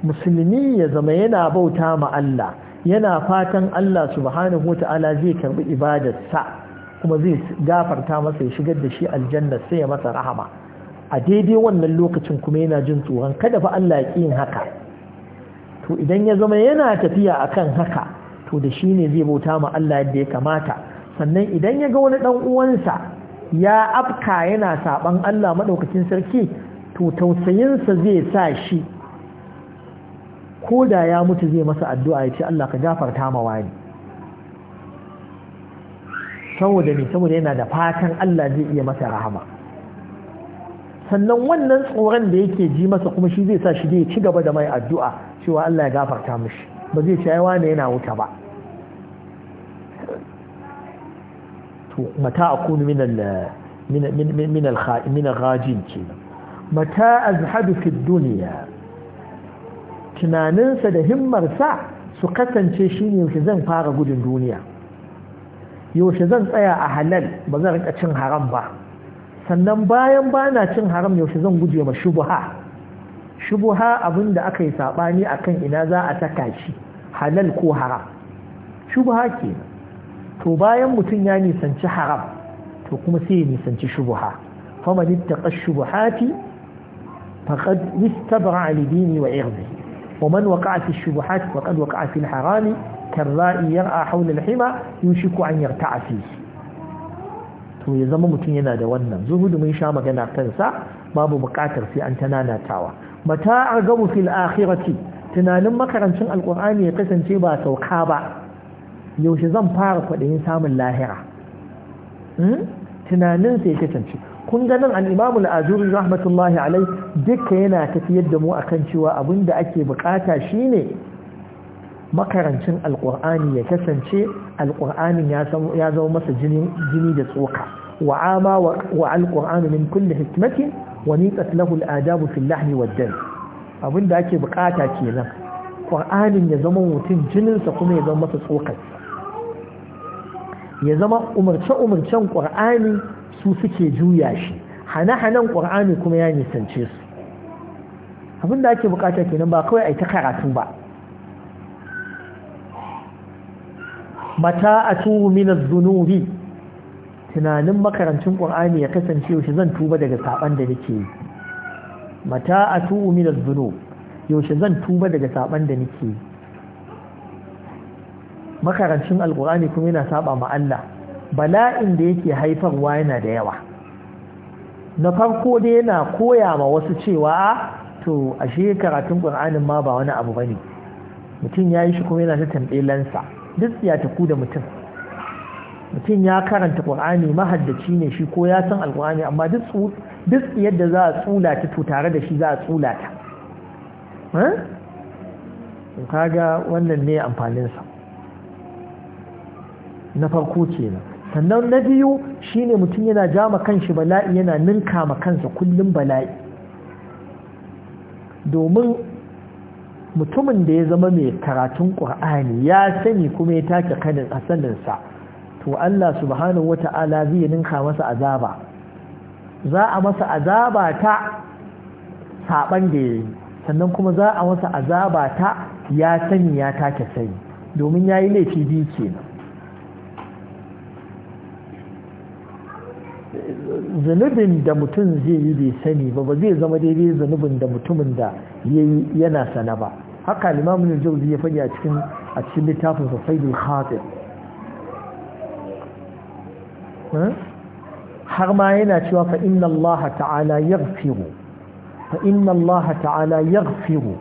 musulmi ya zama yana bauta ma Allah yana fatan Allah subhanahu wata'ala zai karbi ibadarsa kuma zai gafarta masa ya shigar da shi aljanna sai ya masa rahama a daidai wannan lokacin kuma yana jin tsoron kada fa Allah ya yin haka to idan ya zama yana tafiya akan haka to da shi ne zai bauta ma Allah yadda ya kamata sannan idan ya ga wani dan uwansa ya afka yana saɓan Allah madaukakin sarki to tausayinsa zai sa shi ko da ya mutu zai masa addu'a ya ce Allah ka gafarta ma wani saboda ne saboda yana da fatan Allah zai iya masa rahama sannan wannan tsoron da yake ji masa kuma shi zai sa shi zai ci gaba da mai addu'a cewa Allah ya gafarta mishi ba zai ce wane yana wuta ba to mata akunu min al min al mata azhadu fi dunya tunaninsa da himmarsa su kasance shi ne yaushe zan fara gudun duniya yaushe zan tsaya a halal ba zan rika cin haram ba sannan bayan bana cin haram yaushe zan guje ma shubha shubuha abin da aka yi saɓani akan ina za a saka shi halal ko haram shubuha ke to bayan mutum ya nisanci haram to kuma sai ya nisanci shubuha faman ittaqa shubuhati faqad istabra li dini wa irdi wa man waqa'a fi shubuhati faqad waqa'a fi al-haram karra'i yar'a hawla al-hima yushiku an yarta'a fihi to ya zama mutum yana da wannan zuhudu mun sha magana kansa babu buƙatar sai an tananatawa mata argabu fil akhirati tunanin makarancin alkur'ani ya kasance ba sauka ba yaushe zan fara kwaɗayin samun lahira hmm? tunanin sai ya kasance kun ganin al'imamu al'ajuri rahmatullahi alai dukka yana tafiyar da mu akan cewa abin da ake bukata shine makarancin alkur'ani ya kasance alkur'anin ya zama masa jini da tsoka wa'ama wa alkur'ani min kulli hikmatin Wani lahu al-adabu fil abinda ake bukata kenan qur'anin ya zama mutum jininsa kuma ya zama masa tsokar ya zama umarce umarcen qur'ani su suke juya shi hana-hanan qur'ani kuma ya nisance su abinda ake bukata kenan ba kawai ai ta karatu ba mata min adh-dhunubi tunanin makarancin ƙur'ani ya kasance yaushe zan tuba daga saɓan da nake yi mata a tuwo min zuno yaushe zan tuba daga saɓan da nake yi makarancin alƙur'ani kuma yana saɓa ma Allah bala'in da yake haifarwa yana da yawa na farko dai yana koya ma wasu cewa a? Ah, to a karatun ƙur'anin ma ba wani abu ba ne. mutum ya yi shi kuma yana ta lansa, duk ya tafi da mutum mutum ya karanta ƙur'ani mahaddaci ne shi ko ya san alqur'ani amma duk yadda za a tsula ta to tare da shi za a tsula ta to kaga wannan ne amfanin sa na farko na sannan na biyu shi ne mutum yana jama kanshi bala'i yana ninka ma kansa kullum bala'i domin mutumin da ya zama mai karatun ƙur'ani ya sani kuma ya take kanin asalinsa to Allah subhanahu ta'ala zai ninka masa azaba za a masa azaba ta saban da yayi sannan kuma za a masa azaba ta ya sani ya take sani domin yayi laifi biyu kenan zunubin da mutum zai yi bai sani ba ba zai zama daidai zunubin da mutumin da yayi yana sana ba haka limamin jauzi ya faɗi a cikin a cikin littafin sa saidul khatir har ma yana cewa fa inna Allaha ta'ala yaghfiru fa inna Allaha ta'ala yaghfiru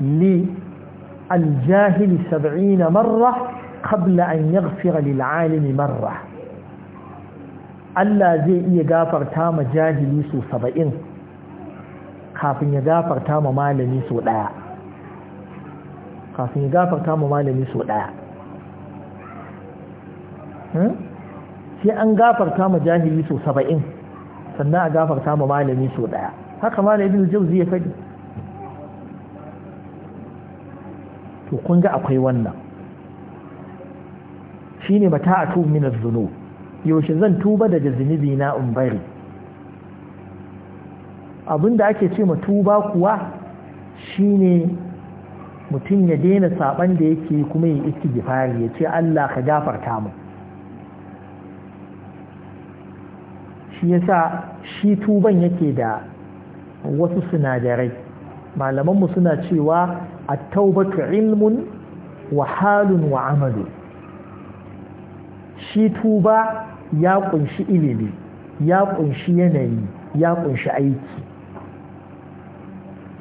li aljahili jahil marra qabla an yaghfira lil 'alim marra Allah zai iya gafarta ma jahili su saba'in kafin ya gafarta ma malami su daya kafin ya gafarta ma malami su daya sai an gafarta ma jahili so saba'in sannan a gafarta ma malami so ɗaya haka malamin jauzi ya faɗi to kun ga akwai wannan shine mata a tubu minar zuno yaushe zan tuba daga zunubi na in bari abinda ake ce ma tuba kuwa shine mutum ya daina saban da yake kuma ya iski gifari ya ce Allah ka gafarta mu shi yasa shi tuban yake da wasu sinadarai malamanmu suna cewa a taubatu ilmun wa halun wa amalu shi tuba ya kunshi ilimi ya kunshi yanayi ya kunshi aiki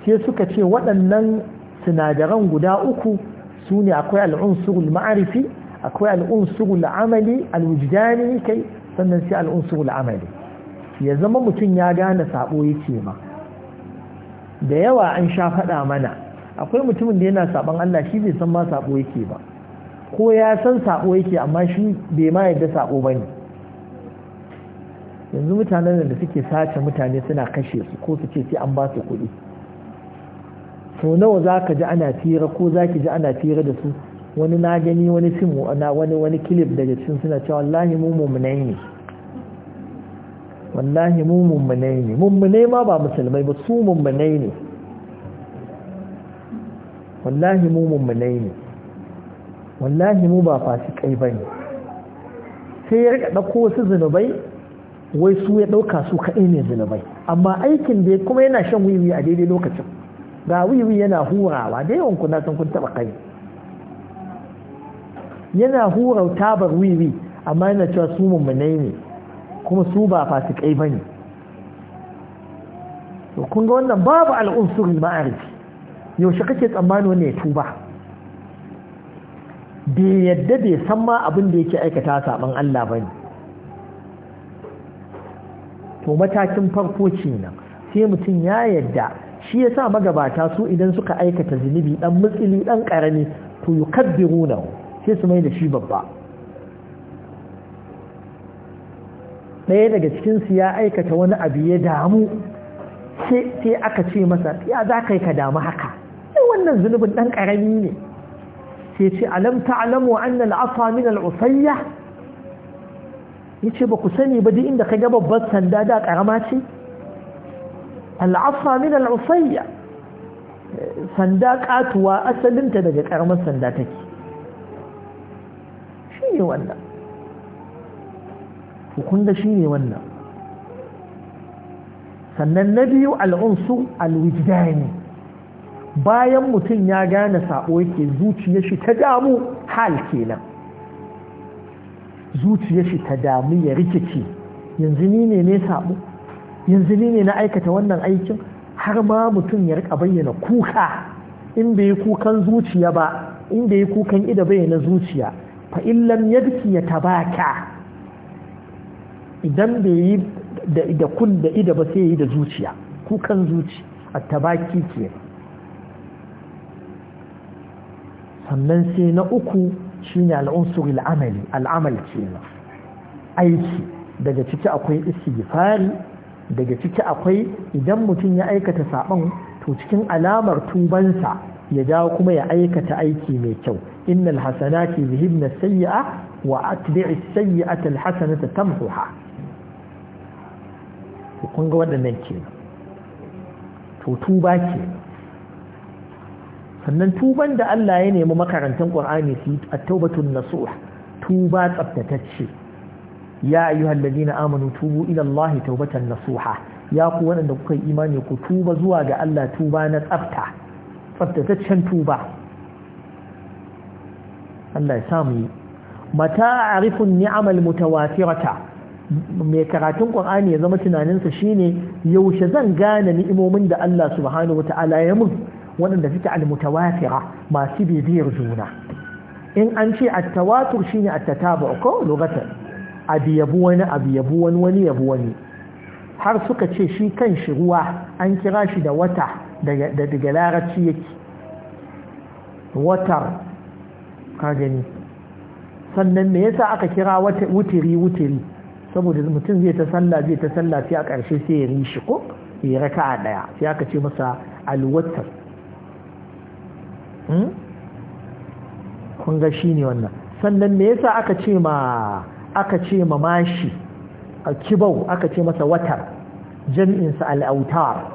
sai suka ce waɗannan sinadaran guda uku su ne akwai al'unsurul ma'arifi akwai al'unsurul amali alwujdani kai sannan sai al'unsurul amali ya zama mutum ya gane sabo yake ma da yawa an sha faɗa mana akwai mutumin da yana saban Allah shi bai san ma sabo yake ba ko ya san sabo yake amma shi bai ma yadda sabo ne? yanzu mutanen da suke sace mutane suna kashe su ko su ce sai an ba su kuɗi to nawa zaka ji ana tira ko zaki ji ana tira da su wani na gani wani fim wani wani clip daga cikin suna cewa wallahi mu mu'minai ne wallahi mu mummunai ne mummunai ma ba musulmai ba su mummunai ne wallahi mu mummunai ne wallahi mu ba fasikai ba ne sai ya rika ɗauko wasu zunubai wai su ya ɗauka su kaɗai ne zunubai amma aikin da kuma yana shan wiwi a daidai lokacin ga wiwi yana hurawa da yawan kuna sun kun taɓa kai yana hura tabar wiwi amma yana cewa su mummunai ne kuma su ba fasikai bane to kun ga wannan babu al'unsurin ma'arifi yaushe kake tsammani wannan ya tuba bai yadda bai san ma abin da yake aikata saban Allah bane to matakin farko kenan sai mutum ya yadda shi yasa magabata su idan suka aikata zunubi dan mutsili dan karami to yukabbiruna sai su mai da shi babba ɗaya daga cikinsu ya aikata wani abu ya damu sai aka ce masa ya za ka yi ka damu haka sai wannan zunubin ɗan ƙarami ne sai ce alam an na al'asa min al'usayya ce ba ku sani ba duk inda ka ga babbar sanda da ƙarama ce al'afa min al'usayya sanda ƙatuwa asalinta daga ƙaramar sanda take shi ne wannan da shi ne wannan sannan na biyu al'unsu alwijdani bayan mutum ya gane saɓo yake zuciya shi ta damu hal kenan zuciya shi ta damu ya rikici yanzu ni ne ne sabo yanzu ni ne na aikata wannan aikin har ma mutum ya rika bayyana kuka in bai yi kukan zuciya ba in bai yi kukan ida bayyana zuciya fa yadda ya tabaka idan bai yi da kun da ida ba sai yi da zuciya kukan zuci a tabaki ke sannan sai na uku shine al'unsur al'amali al'amal ce aiki daga ciki akwai istighfari daga ciki akwai idan mutum ya aikata saɓon to cikin alamar tubansa ya dawo kuma ya aikata aiki mai kyau innal hasanati yuzhibna sayyi'a wa atbi'is sayyi'ata alhasanata tamhuha to kun ga waɗannan ke to tuba ke sannan tuban da Allah ya nemi makarantar Qur'ani su a taubatun nasuha tuba tsaftatacce ya ayyuhal ladina amanu tubu ila Allah taubatan nasuha ya ku wanda kuka yi imani ku tuba zuwa ga Allah tuba na tsafta tsaftataccen tuba Allah ya samu mata a arifun ni'amal mutawafirata mai karatun ƙur'ani ya zama tunaninsa shine yaushe zan gane ni'imomin da Allah subhanahu wa ta'ala ya mun waɗanda suke almutawatira masu bibiyar juna in an ce attawatur shine attatabu ko lugatan abu yabu wani abu yabu wani wani yabu wani har suka ce shi kan shi ruwa an kira shi da wata daga larabci yake watar ka gani sannan me yasa aka kira wutiri wutiri saboda mutum zai ta sallah zai ta sallah sai a ƙarshe sai ya rishi ko ya raka a ɗaya sai aka ce masa alwatar hmm? kun ga shi ne wannan sannan me yasa aka ce ma aka ce ma mashi a kibau aka ce masa watar jami'insa al'autar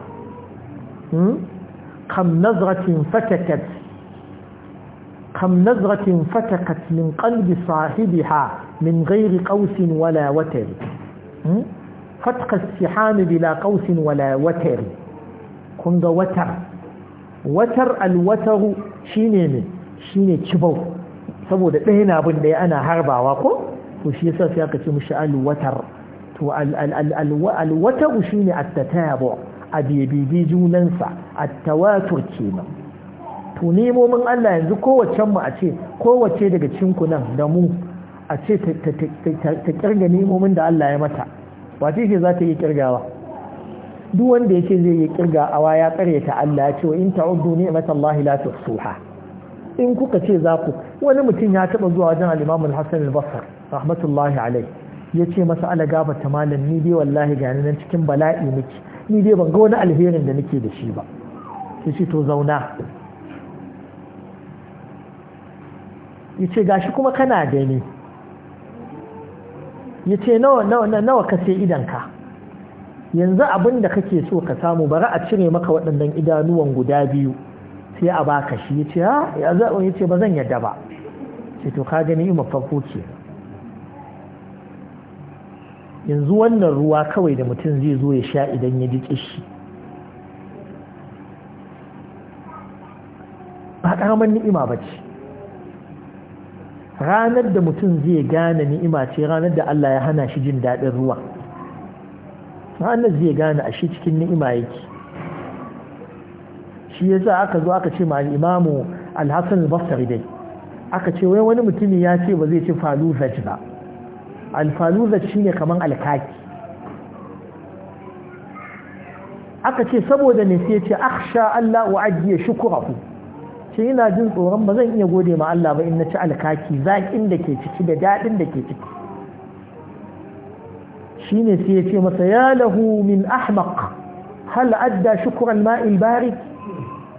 hmm? kam nazratin fatakat kam nazratin fatakat min qalbi sahibiha min ghairi qausin wala watari fatka istihami bila qausin wala watar, kun ga watar watar alwataru shine ne shine kibau saboda ɗaya na bin da ana harbawa ko to shi yasa sai aka ce mushi alwatar to alwataru shine at-tatabu a bibibi junansa at-tawatur kenan to nemomin Allah yanzu kowaccen mu a ce kowace daga cinku nan da mu a ce ta kirga nemomin da Allah ya mata wace ce za ta yi kirgawa duk wanda ya ce zai yi kirga a awa ya ta Allah ya ce wa in ta'uddu ni'mat Allah la tuhsuha in kuka ce za ku wani mutum ya taba zuwa wajen al-Imam al-Hasan al-Basri rahmatullahi alayhi yace masa ala gaba ta malam ni dai wallahi ga nan cikin bala'i miki, ni dai ban ga wani alherin da nake da shi ba sai to zauna yace gashi kuma kana gani yace nawa nawa nawa ka sai idanka yanzu abin da kake so ka samu bari a cire maka waɗannan idanuwan guda biyu sai a baka shi yace ha ah, yace ba zan yadda ba ce to ka gani ima farko ce yanzu wannan ruwa kawai da mutum zai zo ya sha idan ya ji kishi ba ƙaramin ni'ima ba ce ranar da mutum zai gane ni'ima ce ranar da Allah ya hana shi jin daɗin ruwa ranar zai gane a shi cikin ni'ima yake shi ya za aka zo aka ce ma imamu alhassan al dai aka ce wai wani mutumi ya ce ba zai ci faluzaj ba alfaluzaj shi ne kamar alkaki aka ce saboda ne sai ce aksha Allah wa ajiye shukurahu ce ina jin tsoron ba zan iya gode ma Allah ba in na ci alkaki zaƙin da ke ciki da daɗin da ke ciki Shi ne sai ya ce masa ya lahu min ahmaq hal adda shukran ma'il bari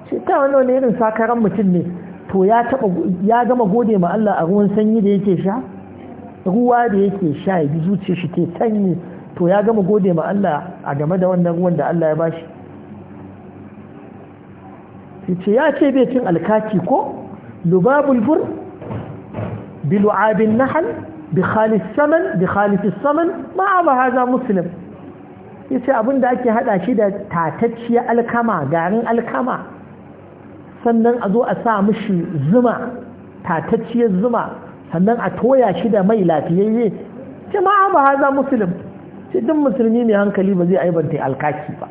ce ta wannan ne irin sakaran mutum ne to ya taba ya gama gode ma Allah a ruwan sanyi da yake sha ruwa da yake sha ya zuciyar shi ke sanyi to ya gama gode ma Allah a game da wannan ruwan da Allah ya bashi yace ya ce bai cin alkaki ko lubabul bur bi lu'abin nahl bi khalis saman bi khalis saman ma ma hada muslim yace abinda ake hada shi da tatacciyar alkama garin alkama sannan a zo a sa mishi zuma tatacciyar zuma sannan a toya shi da mai lafiyayye ma ba haza muslim ce duk musulmi mai hankali ba zai aibanta alkaki ba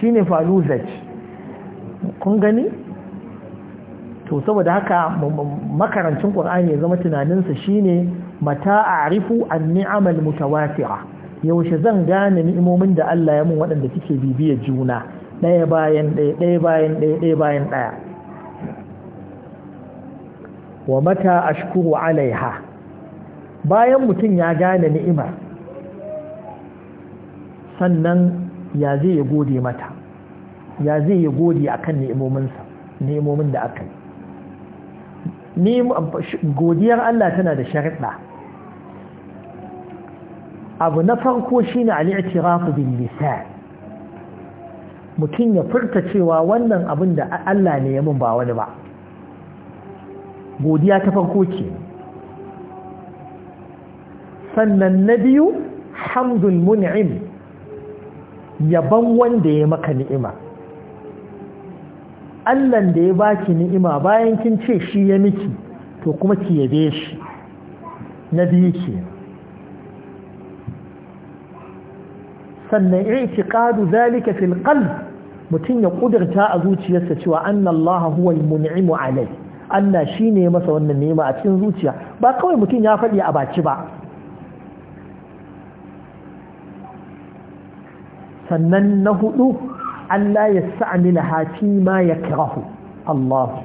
shine faluzaj kun gani to saboda haka makarancin ƙur'ani ya zama tunaninsa shine mata a a'rifu an-ni'amal mutawatira yaushe zan gane ni'imomin da Allah ya mun waɗanda suke bibiya juna ɗaya bayan ɗaya ɗaya bayan ɗaya ɗaya bayan ɗaya wa mata a ashkuru alaiha bayan mutum ya gane ni'imar sannan ya zai ya gode mata ya zai yi gode kan ne'imominsa ne'imomin da aka yi godiyar Allah tana da sharaɗa abu na farko shine al-i'tirafu bin lisan mutum ya furta cewa wannan abin da Allah ne ya mun ba wani ba godiya ta farko ce sannan na biyu hamdul mun'im yaban wanda ya maka ni'ima allan da ya baki ni'ima bayan kin ce shi ya miki to kuma ki yabe shi na biyu ke sannan ƙadu zalika fil qalb mutun ya ƙudurta a zuciyarsa cewa annallaha huwa huwal mun'imu alai Allah shi shine masa wannan ni'ima a cikin zuciya ba kawai mutum ya faɗi a baki ba sannan na hudu Allah ya sa'amila hafi ma ya kirahu Allah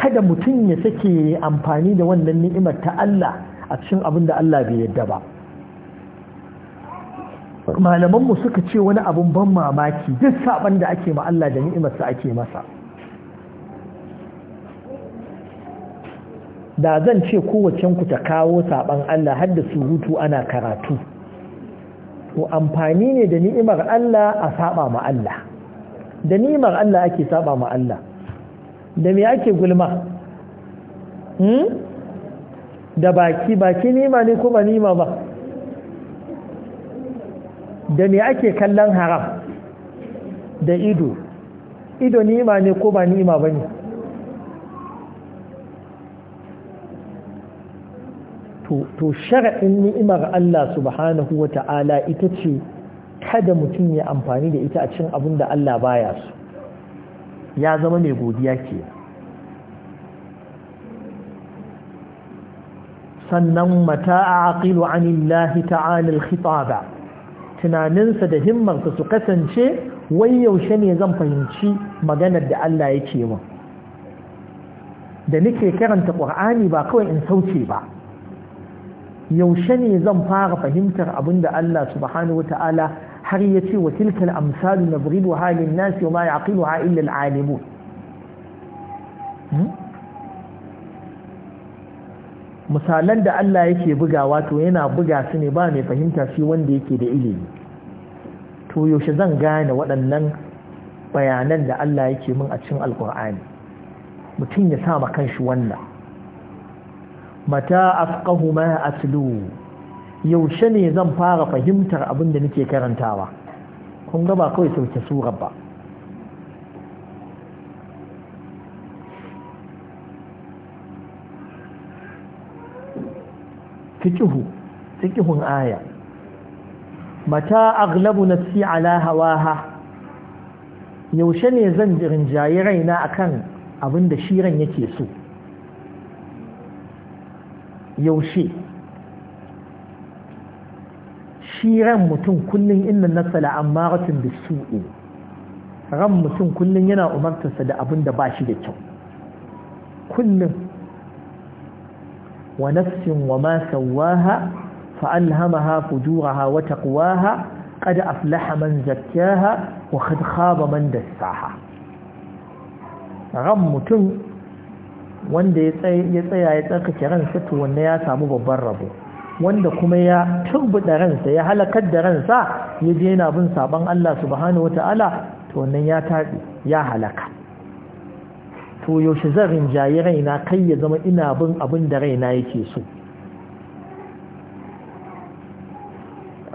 kada mutum ya sake amfani da wannan ni'imar ta Allah a cikin abin da Allah bai yadda ba malamanmu suka ce wani abin ban mamaki duk saban da ake ma Allah da ni'imarsa ake masa da zan ce ku ta kawo saban Allah har da surutu ana karatu to amfani ne da ni'imar Allah a saba ma Allah da ni'imar Allah ake saba ma Allah da me ake gulma hmm? da baki baki nima ne kuma nima ba da me ake kallon haram da ido ido nima ne ko ba ni'ima ba ne to shara'in ni'imar Allah subhanahu wa ta'ala ita ce kada mutum ya amfani da ita a cin abin da Allah baya su ya zama mai godiya ke sannan mata a aqilu anillahi ta'ala alkhitaba tunaninsa da himmarsa su kasance wai yaushe ne zan fahimci maganar da Allah yake min da nake karanta Qur'ani ba kawai in sauce ba yaushe ne zan fara fahimtar abin da Allah subhanahu wata'ala har ya ce wa tilkal amsalu na buridu halin nasi wa ma ya aqilu ha illa al'alimu hmm? misalan da Allah yake bugawa to yana buga su ne ba mai fahimta shi wanda yake da ilimi to yaushe zan gane waɗannan bayanan da Allah yake min a cikin alkur'ani mutum ya sa ma kanshi wannan mata afqahu ma atlu yaushe ne zan fara fahimtar abin da nake karantawa kun ga ba kawai sauke sura ba fikihu fikihun aya mata aglabu nafsi ala hawaha yaushe ne zan rinjaye raina akan abin da shiran yake so yaushe shi ran mutum kullum inna nasala amma ratin da su'e ran mutum kullum yana umartarsa da abin da ba shi da kyau kullum wa nafsin wa ma sawaha fa'alhamaha fujuraha wa taqwaha qad aflaha man zakkaha wa qad khaba man dassaha ran mutum wanda ya tsaya ya tsarkake ransa to wanda ya samu babban rabo wanda kuma ya turbuda ransa ya halakar da ransa ya je yana bin saban Allah subhanahu wata'ala to wannan ya tabi ya halaka to yaushe zan rinjaye raina kai ya zama ina bin abin da raina yake so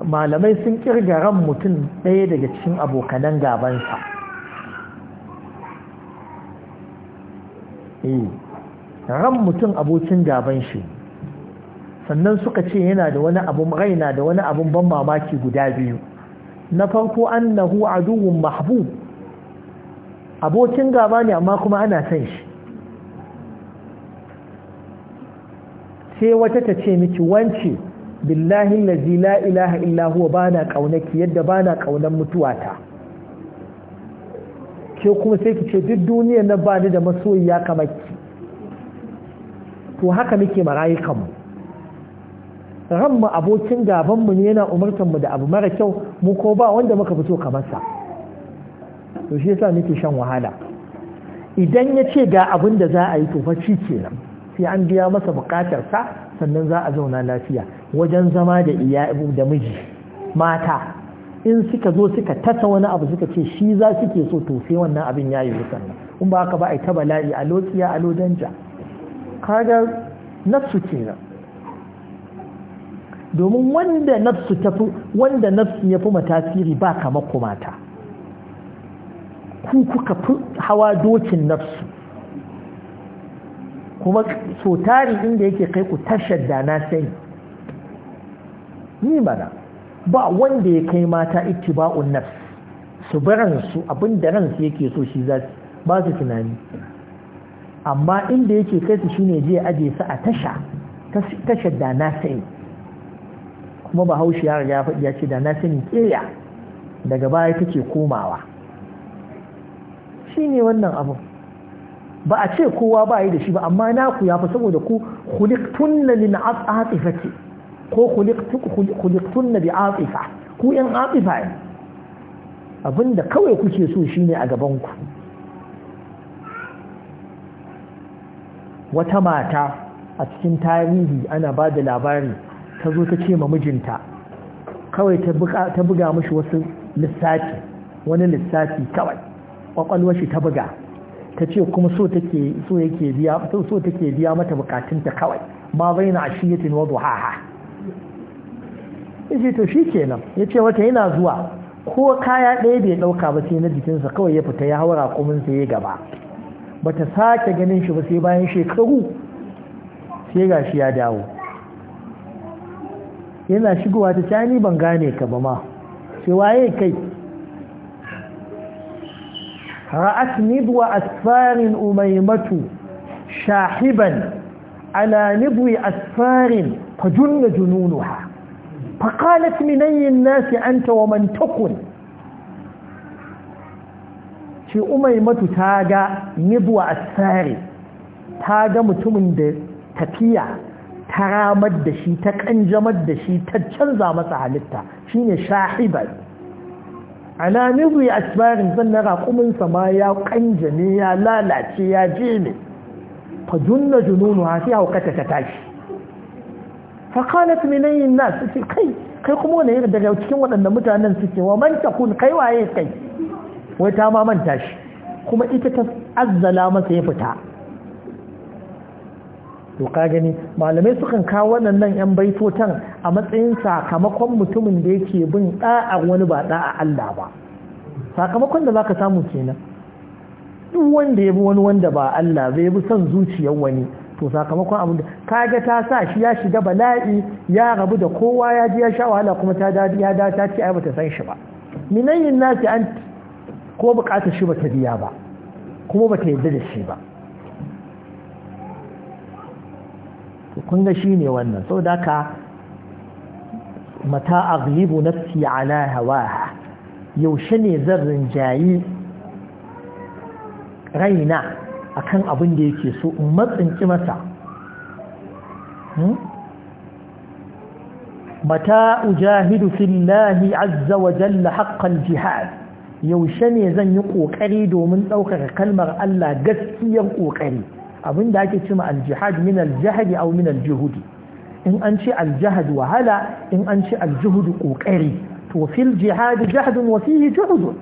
malamai sun kirga ran mutum ɗaya daga cikin abokanan gabansa eh ran mutum abokin gaban shi sannan suka ce yana da wani abu raina da wani abun ban mamaki guda biyu na farko annahu aduwwun mahbub abokin gaba ne amma kuma ana san shi sai wata ta ce miki wance billahi allazi la ilaha illa huwa bana kaunaki yadda bana kaunan mutuwata ke kuma sai kice duk duniyar na bani da masoyi ya ki to haka muke marayukanmu mu abokin gabanmu ne yana mu da abu mara kyau mu ko ba wanda muka fito kamar sa to shi yasa muke shan wahala idan ya ce ga abin da za a yi to faci kenan sai an biya masa bukatarsa sannan za a zauna lafiya wajen zama da iya da miji mata in suka zo suka tasa wani abu suka ce shi za suke so to sai wannan abin ya yi sannan in ba haka ba a yi ta bala'i a lokiya a lodanja kaga nafsu kenan domin wanda nafsu fi wanda nafsu ya fi matasiri ba kama kumata ku kuka fi hawa dokin nafsu kuma so tari inda yake kai ku tashar da na sai ni mana ba wanda ya kai mata ittiba'un nafsu su baransu abinda ransu yake so shi za su ba su tunani amma inda yake kai su shine je aje su a tasha tashar da na sani kuma bahaushe ya riga faɗi ya ce da na sani keya daga baya take komawa shine wannan abu ba a ce kowa ba yi da shi ba amma naku ya fi saboda ku khuliqtunna lil atifati ko khuliqtunna bi atifa ku yan atifa abinda kawai kuke so shine a gaban ku wata mata a cikin tarihi ana ba da labari ta zo ta ce ma mijinta kawai ta buga mashi wasu lissafi wani lissafi kawai kwakwalwar shi ta buga ta ce kuma so take so biya so take biya mata bukatunta kawai ma baina ashiyatin wa duhaha yace to shikenan yace wata yana zuwa ko kaya ɗaya bai ɗauka ba sai na jikinsa kawai ya fita ya haura kumin sa ya gaba ba ta sake ganin shi ba sai bayan shekaru sai ga shi ya dawo yana shigowa ta cani ban gane ka ba ma sai waye kai ra'at nidwa asfarin umaymatu shahiban ala nidwi asfarin fajunna jununuha faqalat minayyin nasi anta wa man takun ce matu ta ga a asari ta ga mutumin da tafiya ta ramar da shi ta kanjamar da shi ta canza masa halitta shine shahibai ana nibwi zan sannan raƙuminsa ma ya kanjame ya lalace ya je ne juna jununu ha fi haukata ta tashi faqalat min ayyin nasu sai kai kai kuma wani irin daga cikin waɗanda mutanen suke wa manta kun kai waye kai wai ta ma manta shi kuma ita ta azzala masa ya fita to ka gani malamai sukan kawo waɗannan 'yan baitotan a matsayin sakamakon mutumin da yake bin ɗa'a wani ba ɗa'a Allah ba sakamakon da zaka samu kenan duk wanda ya bi wani wanda ba Allah zai bi son zuciyar wani to sakamakon abin da kage ta sa shi ya shiga bala'i ya rabu da kowa ya ji ya sha wahala kuma ta dadi ya da ta ce ai bata san shi ba minayin nasi an ko bukatar shi bata biya ba kuma bata yadda da shi ba kun ga shi ne wannan sau da ka mata aglibu nafsi ala hawaha yaushe ne zan rinjayi raina akan abin da yake so in matsinki masa hmm? mata ujahidu fillahi azza wa jalla haqqal jihad yaushe ne zan yi ƙoƙari domin ɗaukaka kalmar Allah gaskiyar ƙoƙari Abin da ake cima aljihad min aljahadi au min aljuhudi in an ce aljahad wahala in an ce aljihudi ƙoƙari to fil jihadi jahdun wa fihi juhudun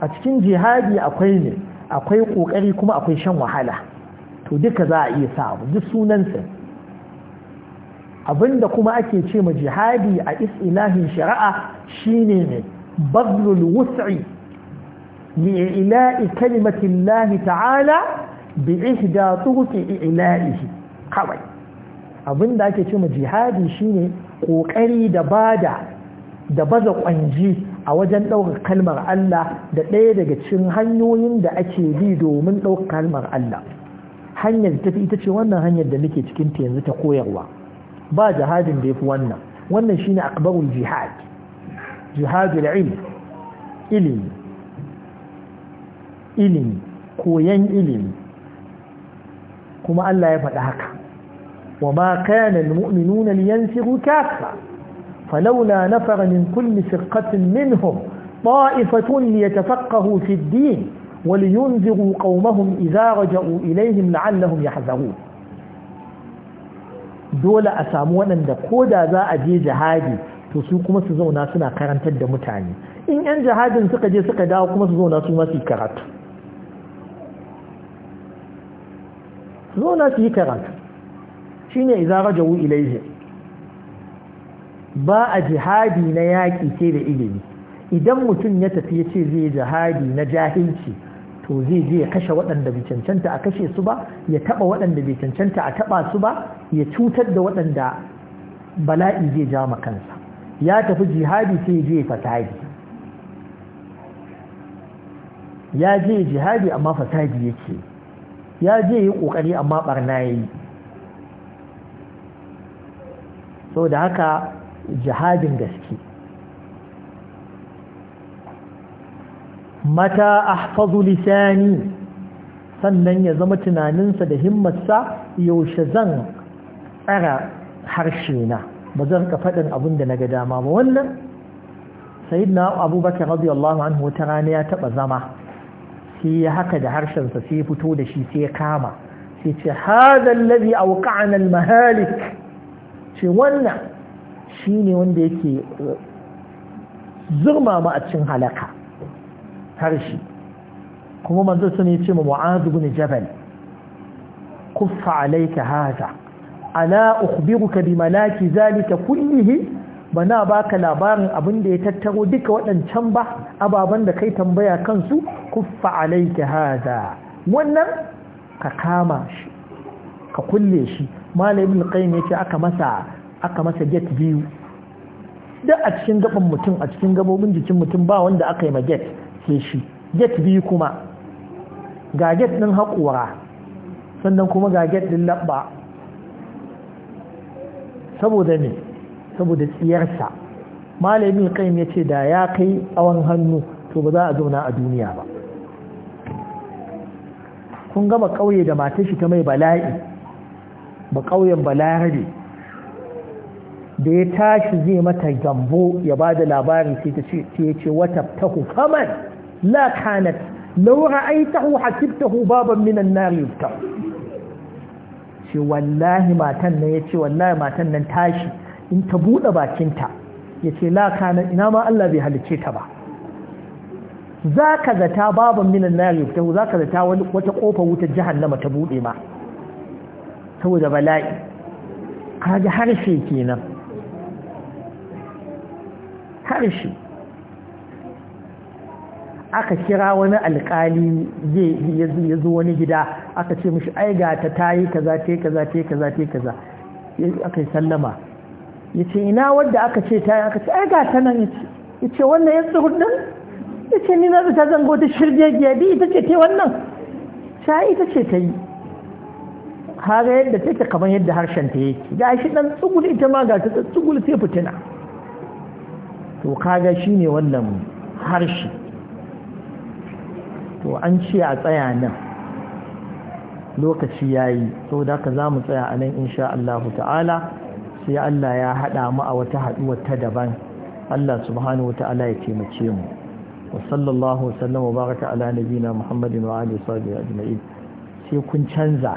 a cikin jihadi akwai ne akwai ƙoƙari kuma akwai shan wahala to duka za a iya samu duk sunansa abinda kuma ake ce ma jihadi a is'ilahin shari'a shine ne بذل الوسع لإعلاء كلمة الله تعالى بإحدى طرق إعلائه قوي أظن ذلك كما جهادي شيني ƙoƙari da bada da baza ƙwanji a wajen ɗaukar kalmar Allah da ɗaya daga cikin hanyoyin da ake bi domin ɗaukar kalmar Allah hanyar da tafi ita ce wannan hanyar da muke cikin yanzu ta koyarwa ba jihadin da ya fi wannan wannan shine akbarul jihad جهاد العلم علم علم كوين علم كما ألا هكا وما كان المؤمنون لينفروا كافة فلولا نفر من كل فقة منهم طائفة ليتفقهوا في الدين ولينذروا قومهم إذا رجعوا إليهم لعلهم يحذرون دول أسامونا دقودا ذا أجي جهادي to su kuma su zauna suna karantar da mutane in 'yan jihadin suka je suka dawo kuma su zauna su masu karatu su zauna su yi karatu shi ne izara jawo ilaihe ba a jihadi na yaƙi ce da ilimi idan mutum ya tafi ya ce zai jihadi na jahilci to zai je ya kashe waɗanda bai cancanta a kashe su ba ya taɓa waɗanda bai cancanta a taɓa su ba ya cutar da waɗanda bala'i zai ja kansa ya tafi jihadi sai je fasadi ya je jihadi amma fasadi yake ya je yi kokari amma barna yayi da haka jihadin gaske mata ahfazu lisani sannan ya zama tunaninsa da himmatsa yaushe zan tsara harshe na ba zan ka faɗin abin da na ga dama ba wannan na abubakar radiyallahu anhu wata rana ya taɓa zama sai ya haka da harshensa sai ya fito da shi sai ya kama sai ce hada labi a al almahalik ce wannan shi ne wanda yake eh, zurmama a cin halaka harshe kuma manzo sun ce mu mu'azu ibn jabal kuffa alayka hada Ana ukhbiruka bi malaki zalika kullihi bana baka labarin abin da ya tattaro duka waɗancan ba ababan da kai tambaya kansu kuffa alayka hada wannan ka kama shi ka kulle shi malam ibn qayyim yace aka masa aka masa get biyu da a cikin gaban mutum a cikin gabobin jikin mutum ba wanda aka yi ma get sai shi get biyu kuma ga get din haƙura sannan kuma ga get din labba saboda ne saboda tsiyarsa malamin ya yace da ya kai tsawon hannu to ba za a zauna a duniya ba kun gama kauye da matar shi ta mai bala'i ba kauyen balarabe da ya tashi zai mata gambo ya ba da labari sai ta ce ya ce wata tahu kamar la kanat laura ai tahu hasibtahu baban minan nari yuftahu ce wallahi matan nan ya ce wallahi matan nan tashi in ta buɗe bakinta ya ce lakana ina ma Allah bai halice ta ba za ka zata babin minan na yufta za ka zata wata ƙofa wutar jahannama ta buɗe ma saboda bala'i kaji harshe kenan harshe aka kira wani alkali ya zo wani gida aka ce mishi ai ga ta tayi kaza ta kaza ta kaza ta kaza aka yi sallama ya ce ina wadda aka ce tayi aka ce ai ga ta nan ya ce wannan ya tsuru din ya ce ni na ta zango ta shirge gyabi ita ce ta wannan ta ita ce ta yi kaga yadda take kamar yadda harshen ta yake ga shi dan tsugul ita ma ga ta tsugul sai fitina to kaga shine wannan harshe to an ce a tsaya nan lokaci ya yi. yayi da ka za mu tsaya a nan insha Allah ta'ala sai Allah ya haɗa mu a wata haɗuwar ta daban Allah subhanahu wa ta'ala ya taimake mu wa sallallahu wa sallam wa baraka ala nabina Muhammadin wa alihi wa sahbihi ajma'in sai kun canza